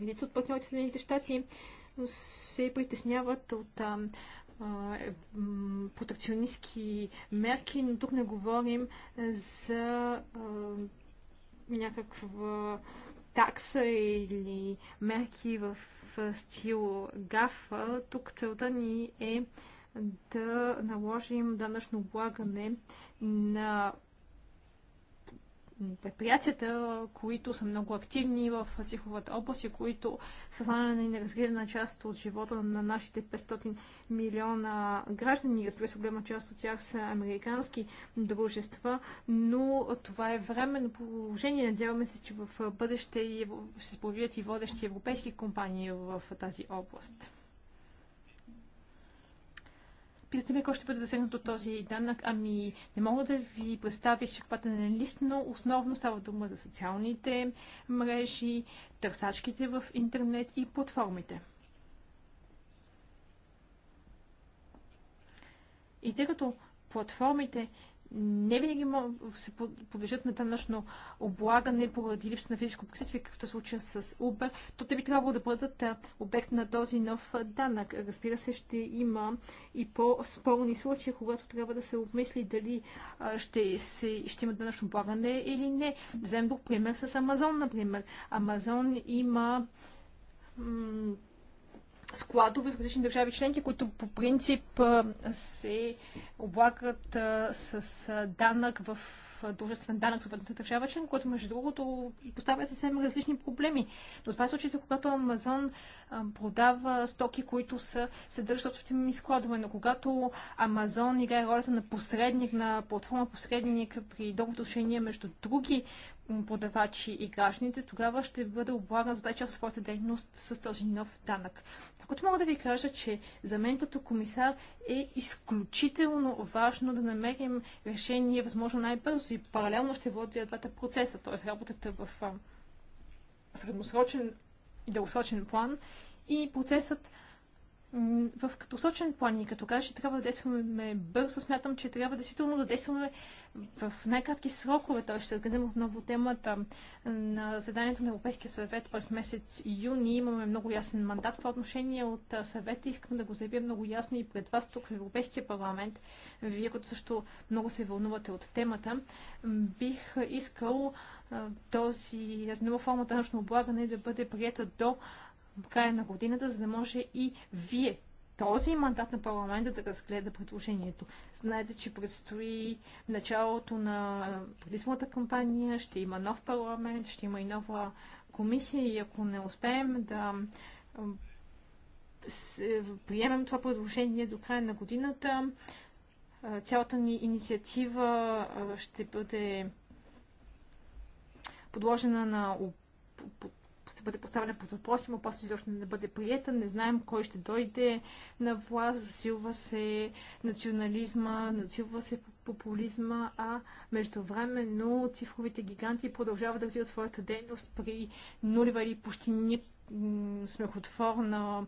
Редица от партньорите в Съединените щати се притесняват от а, протекционистски мерки, но тук не говорим за а, някаква такса или мерки в стил ГАФА, тук целта ни е да наложим данъчно облагане на предприятията, които са много активни в цифровата област и които са станали и неразгривна част от живота на нашите 500 милиона граждани. Разбира се, голяма част от тях са американски дружества, но това е временно положение. Надяваме се, че в бъдеще ще се появят и водещи европейски компании в тази област. Питате ме, кой ще бъде засегнат от този данък? Ами, не мога да ви представя на лист, но основно става дума за социалните мрежи, търсачките в интернет и платформите. И тъй като платформите не винаги се подлежат на данъчно облагане поради липса на физическо присъствие, какъвто е случая с Uber, то те би трябвало да бъдат обект на този нов данък. Разбира се, ще има и по-спорни случаи, когато трябва да се обмисли дали ще, се, ще има данъчно облагане или не. Вземем друг пример с Амазон, например. Амазон има складове в различни държави членки, които по принцип се облагат с данък в дружествен данък една държава член, което между другото поставя съвсем различни проблеми. Но това е случаите, когато Амазон продава стоки, които са, съдържат собствените ми складове, но когато Амазон играе ролята на посредник, на платформа посредник при договор отношения между други подавачи и гражданите, тогава ще бъде облаган за задача в своята дейност с този нов данък. Акото мога да ви кажа, че за мен като комисар е изключително важно да намерим решение възможно най-бързо и паралелно ще водя двата процеса, т.е. работата в средносрочен и дългосрочен план и процесът в краткосрочен план и като кажа, че трябва да действаме бързо, смятам, че трябва действително да действаме в най-кратки срокове. Той ще отгледам отново темата на заданието на Европейския съвет през месец юни. Имаме много ясен мандат в отношение от съвета. Искам да го заявя много ясно и пред вас тук в Европейския парламент. Вие, като също много се вълнувате от темата, бих искал този, аз не форма облагане да бъде прията до края на годината, за да може и вие този мандат на парламента да разгледа предложението. Знаете, че предстои началото на предизборната кампания, ще има нов парламент, ще има и нова комисия и ако не успеем да е, приемем това предложение до края на годината, цялата ни инициатива ще бъде подложена на се бъде поставена под въпрос, има опасност изобщо да бъде приета, не знаем кой ще дойде на власт, засилва се национализма, насилва се популизма, а междувременно цифровите гиганти продължават да развиват своята дейност при нулева или почти ни смехотворна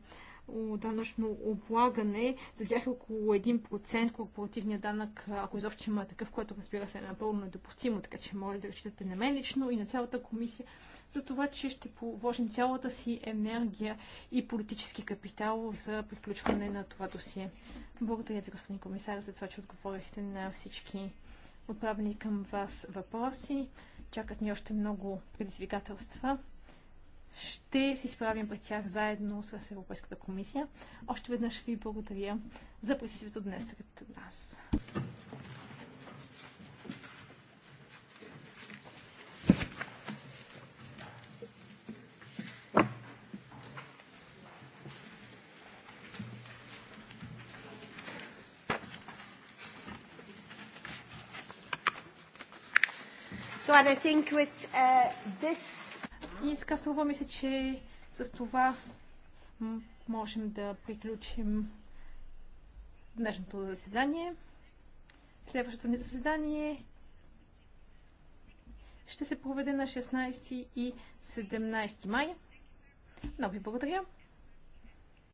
данъчно облагане. За тях е около 1% корпоративния данък, ако изобщо има такъв, което разбира се е напълно недопустимо, така че може да разчитате на мен лично и на цялата комисия за това, че ще положим цялата си енергия и политически капитал за приключване на това досие. Благодаря ви, господин комисар, за това, че отговорихте на всички отправени към вас въпроси. Чакат ни още много предизвикателства. Ще се изправим пред тях заедно с Европейската комисия. Още веднъж ви благодаря за присъствието днес сред нас. So and I think with uh, this... И така струва ми се, че с това можем да приключим днешното заседание. Следващото ни заседание ще се проведе на 16 и 17 май. Много ви благодаря!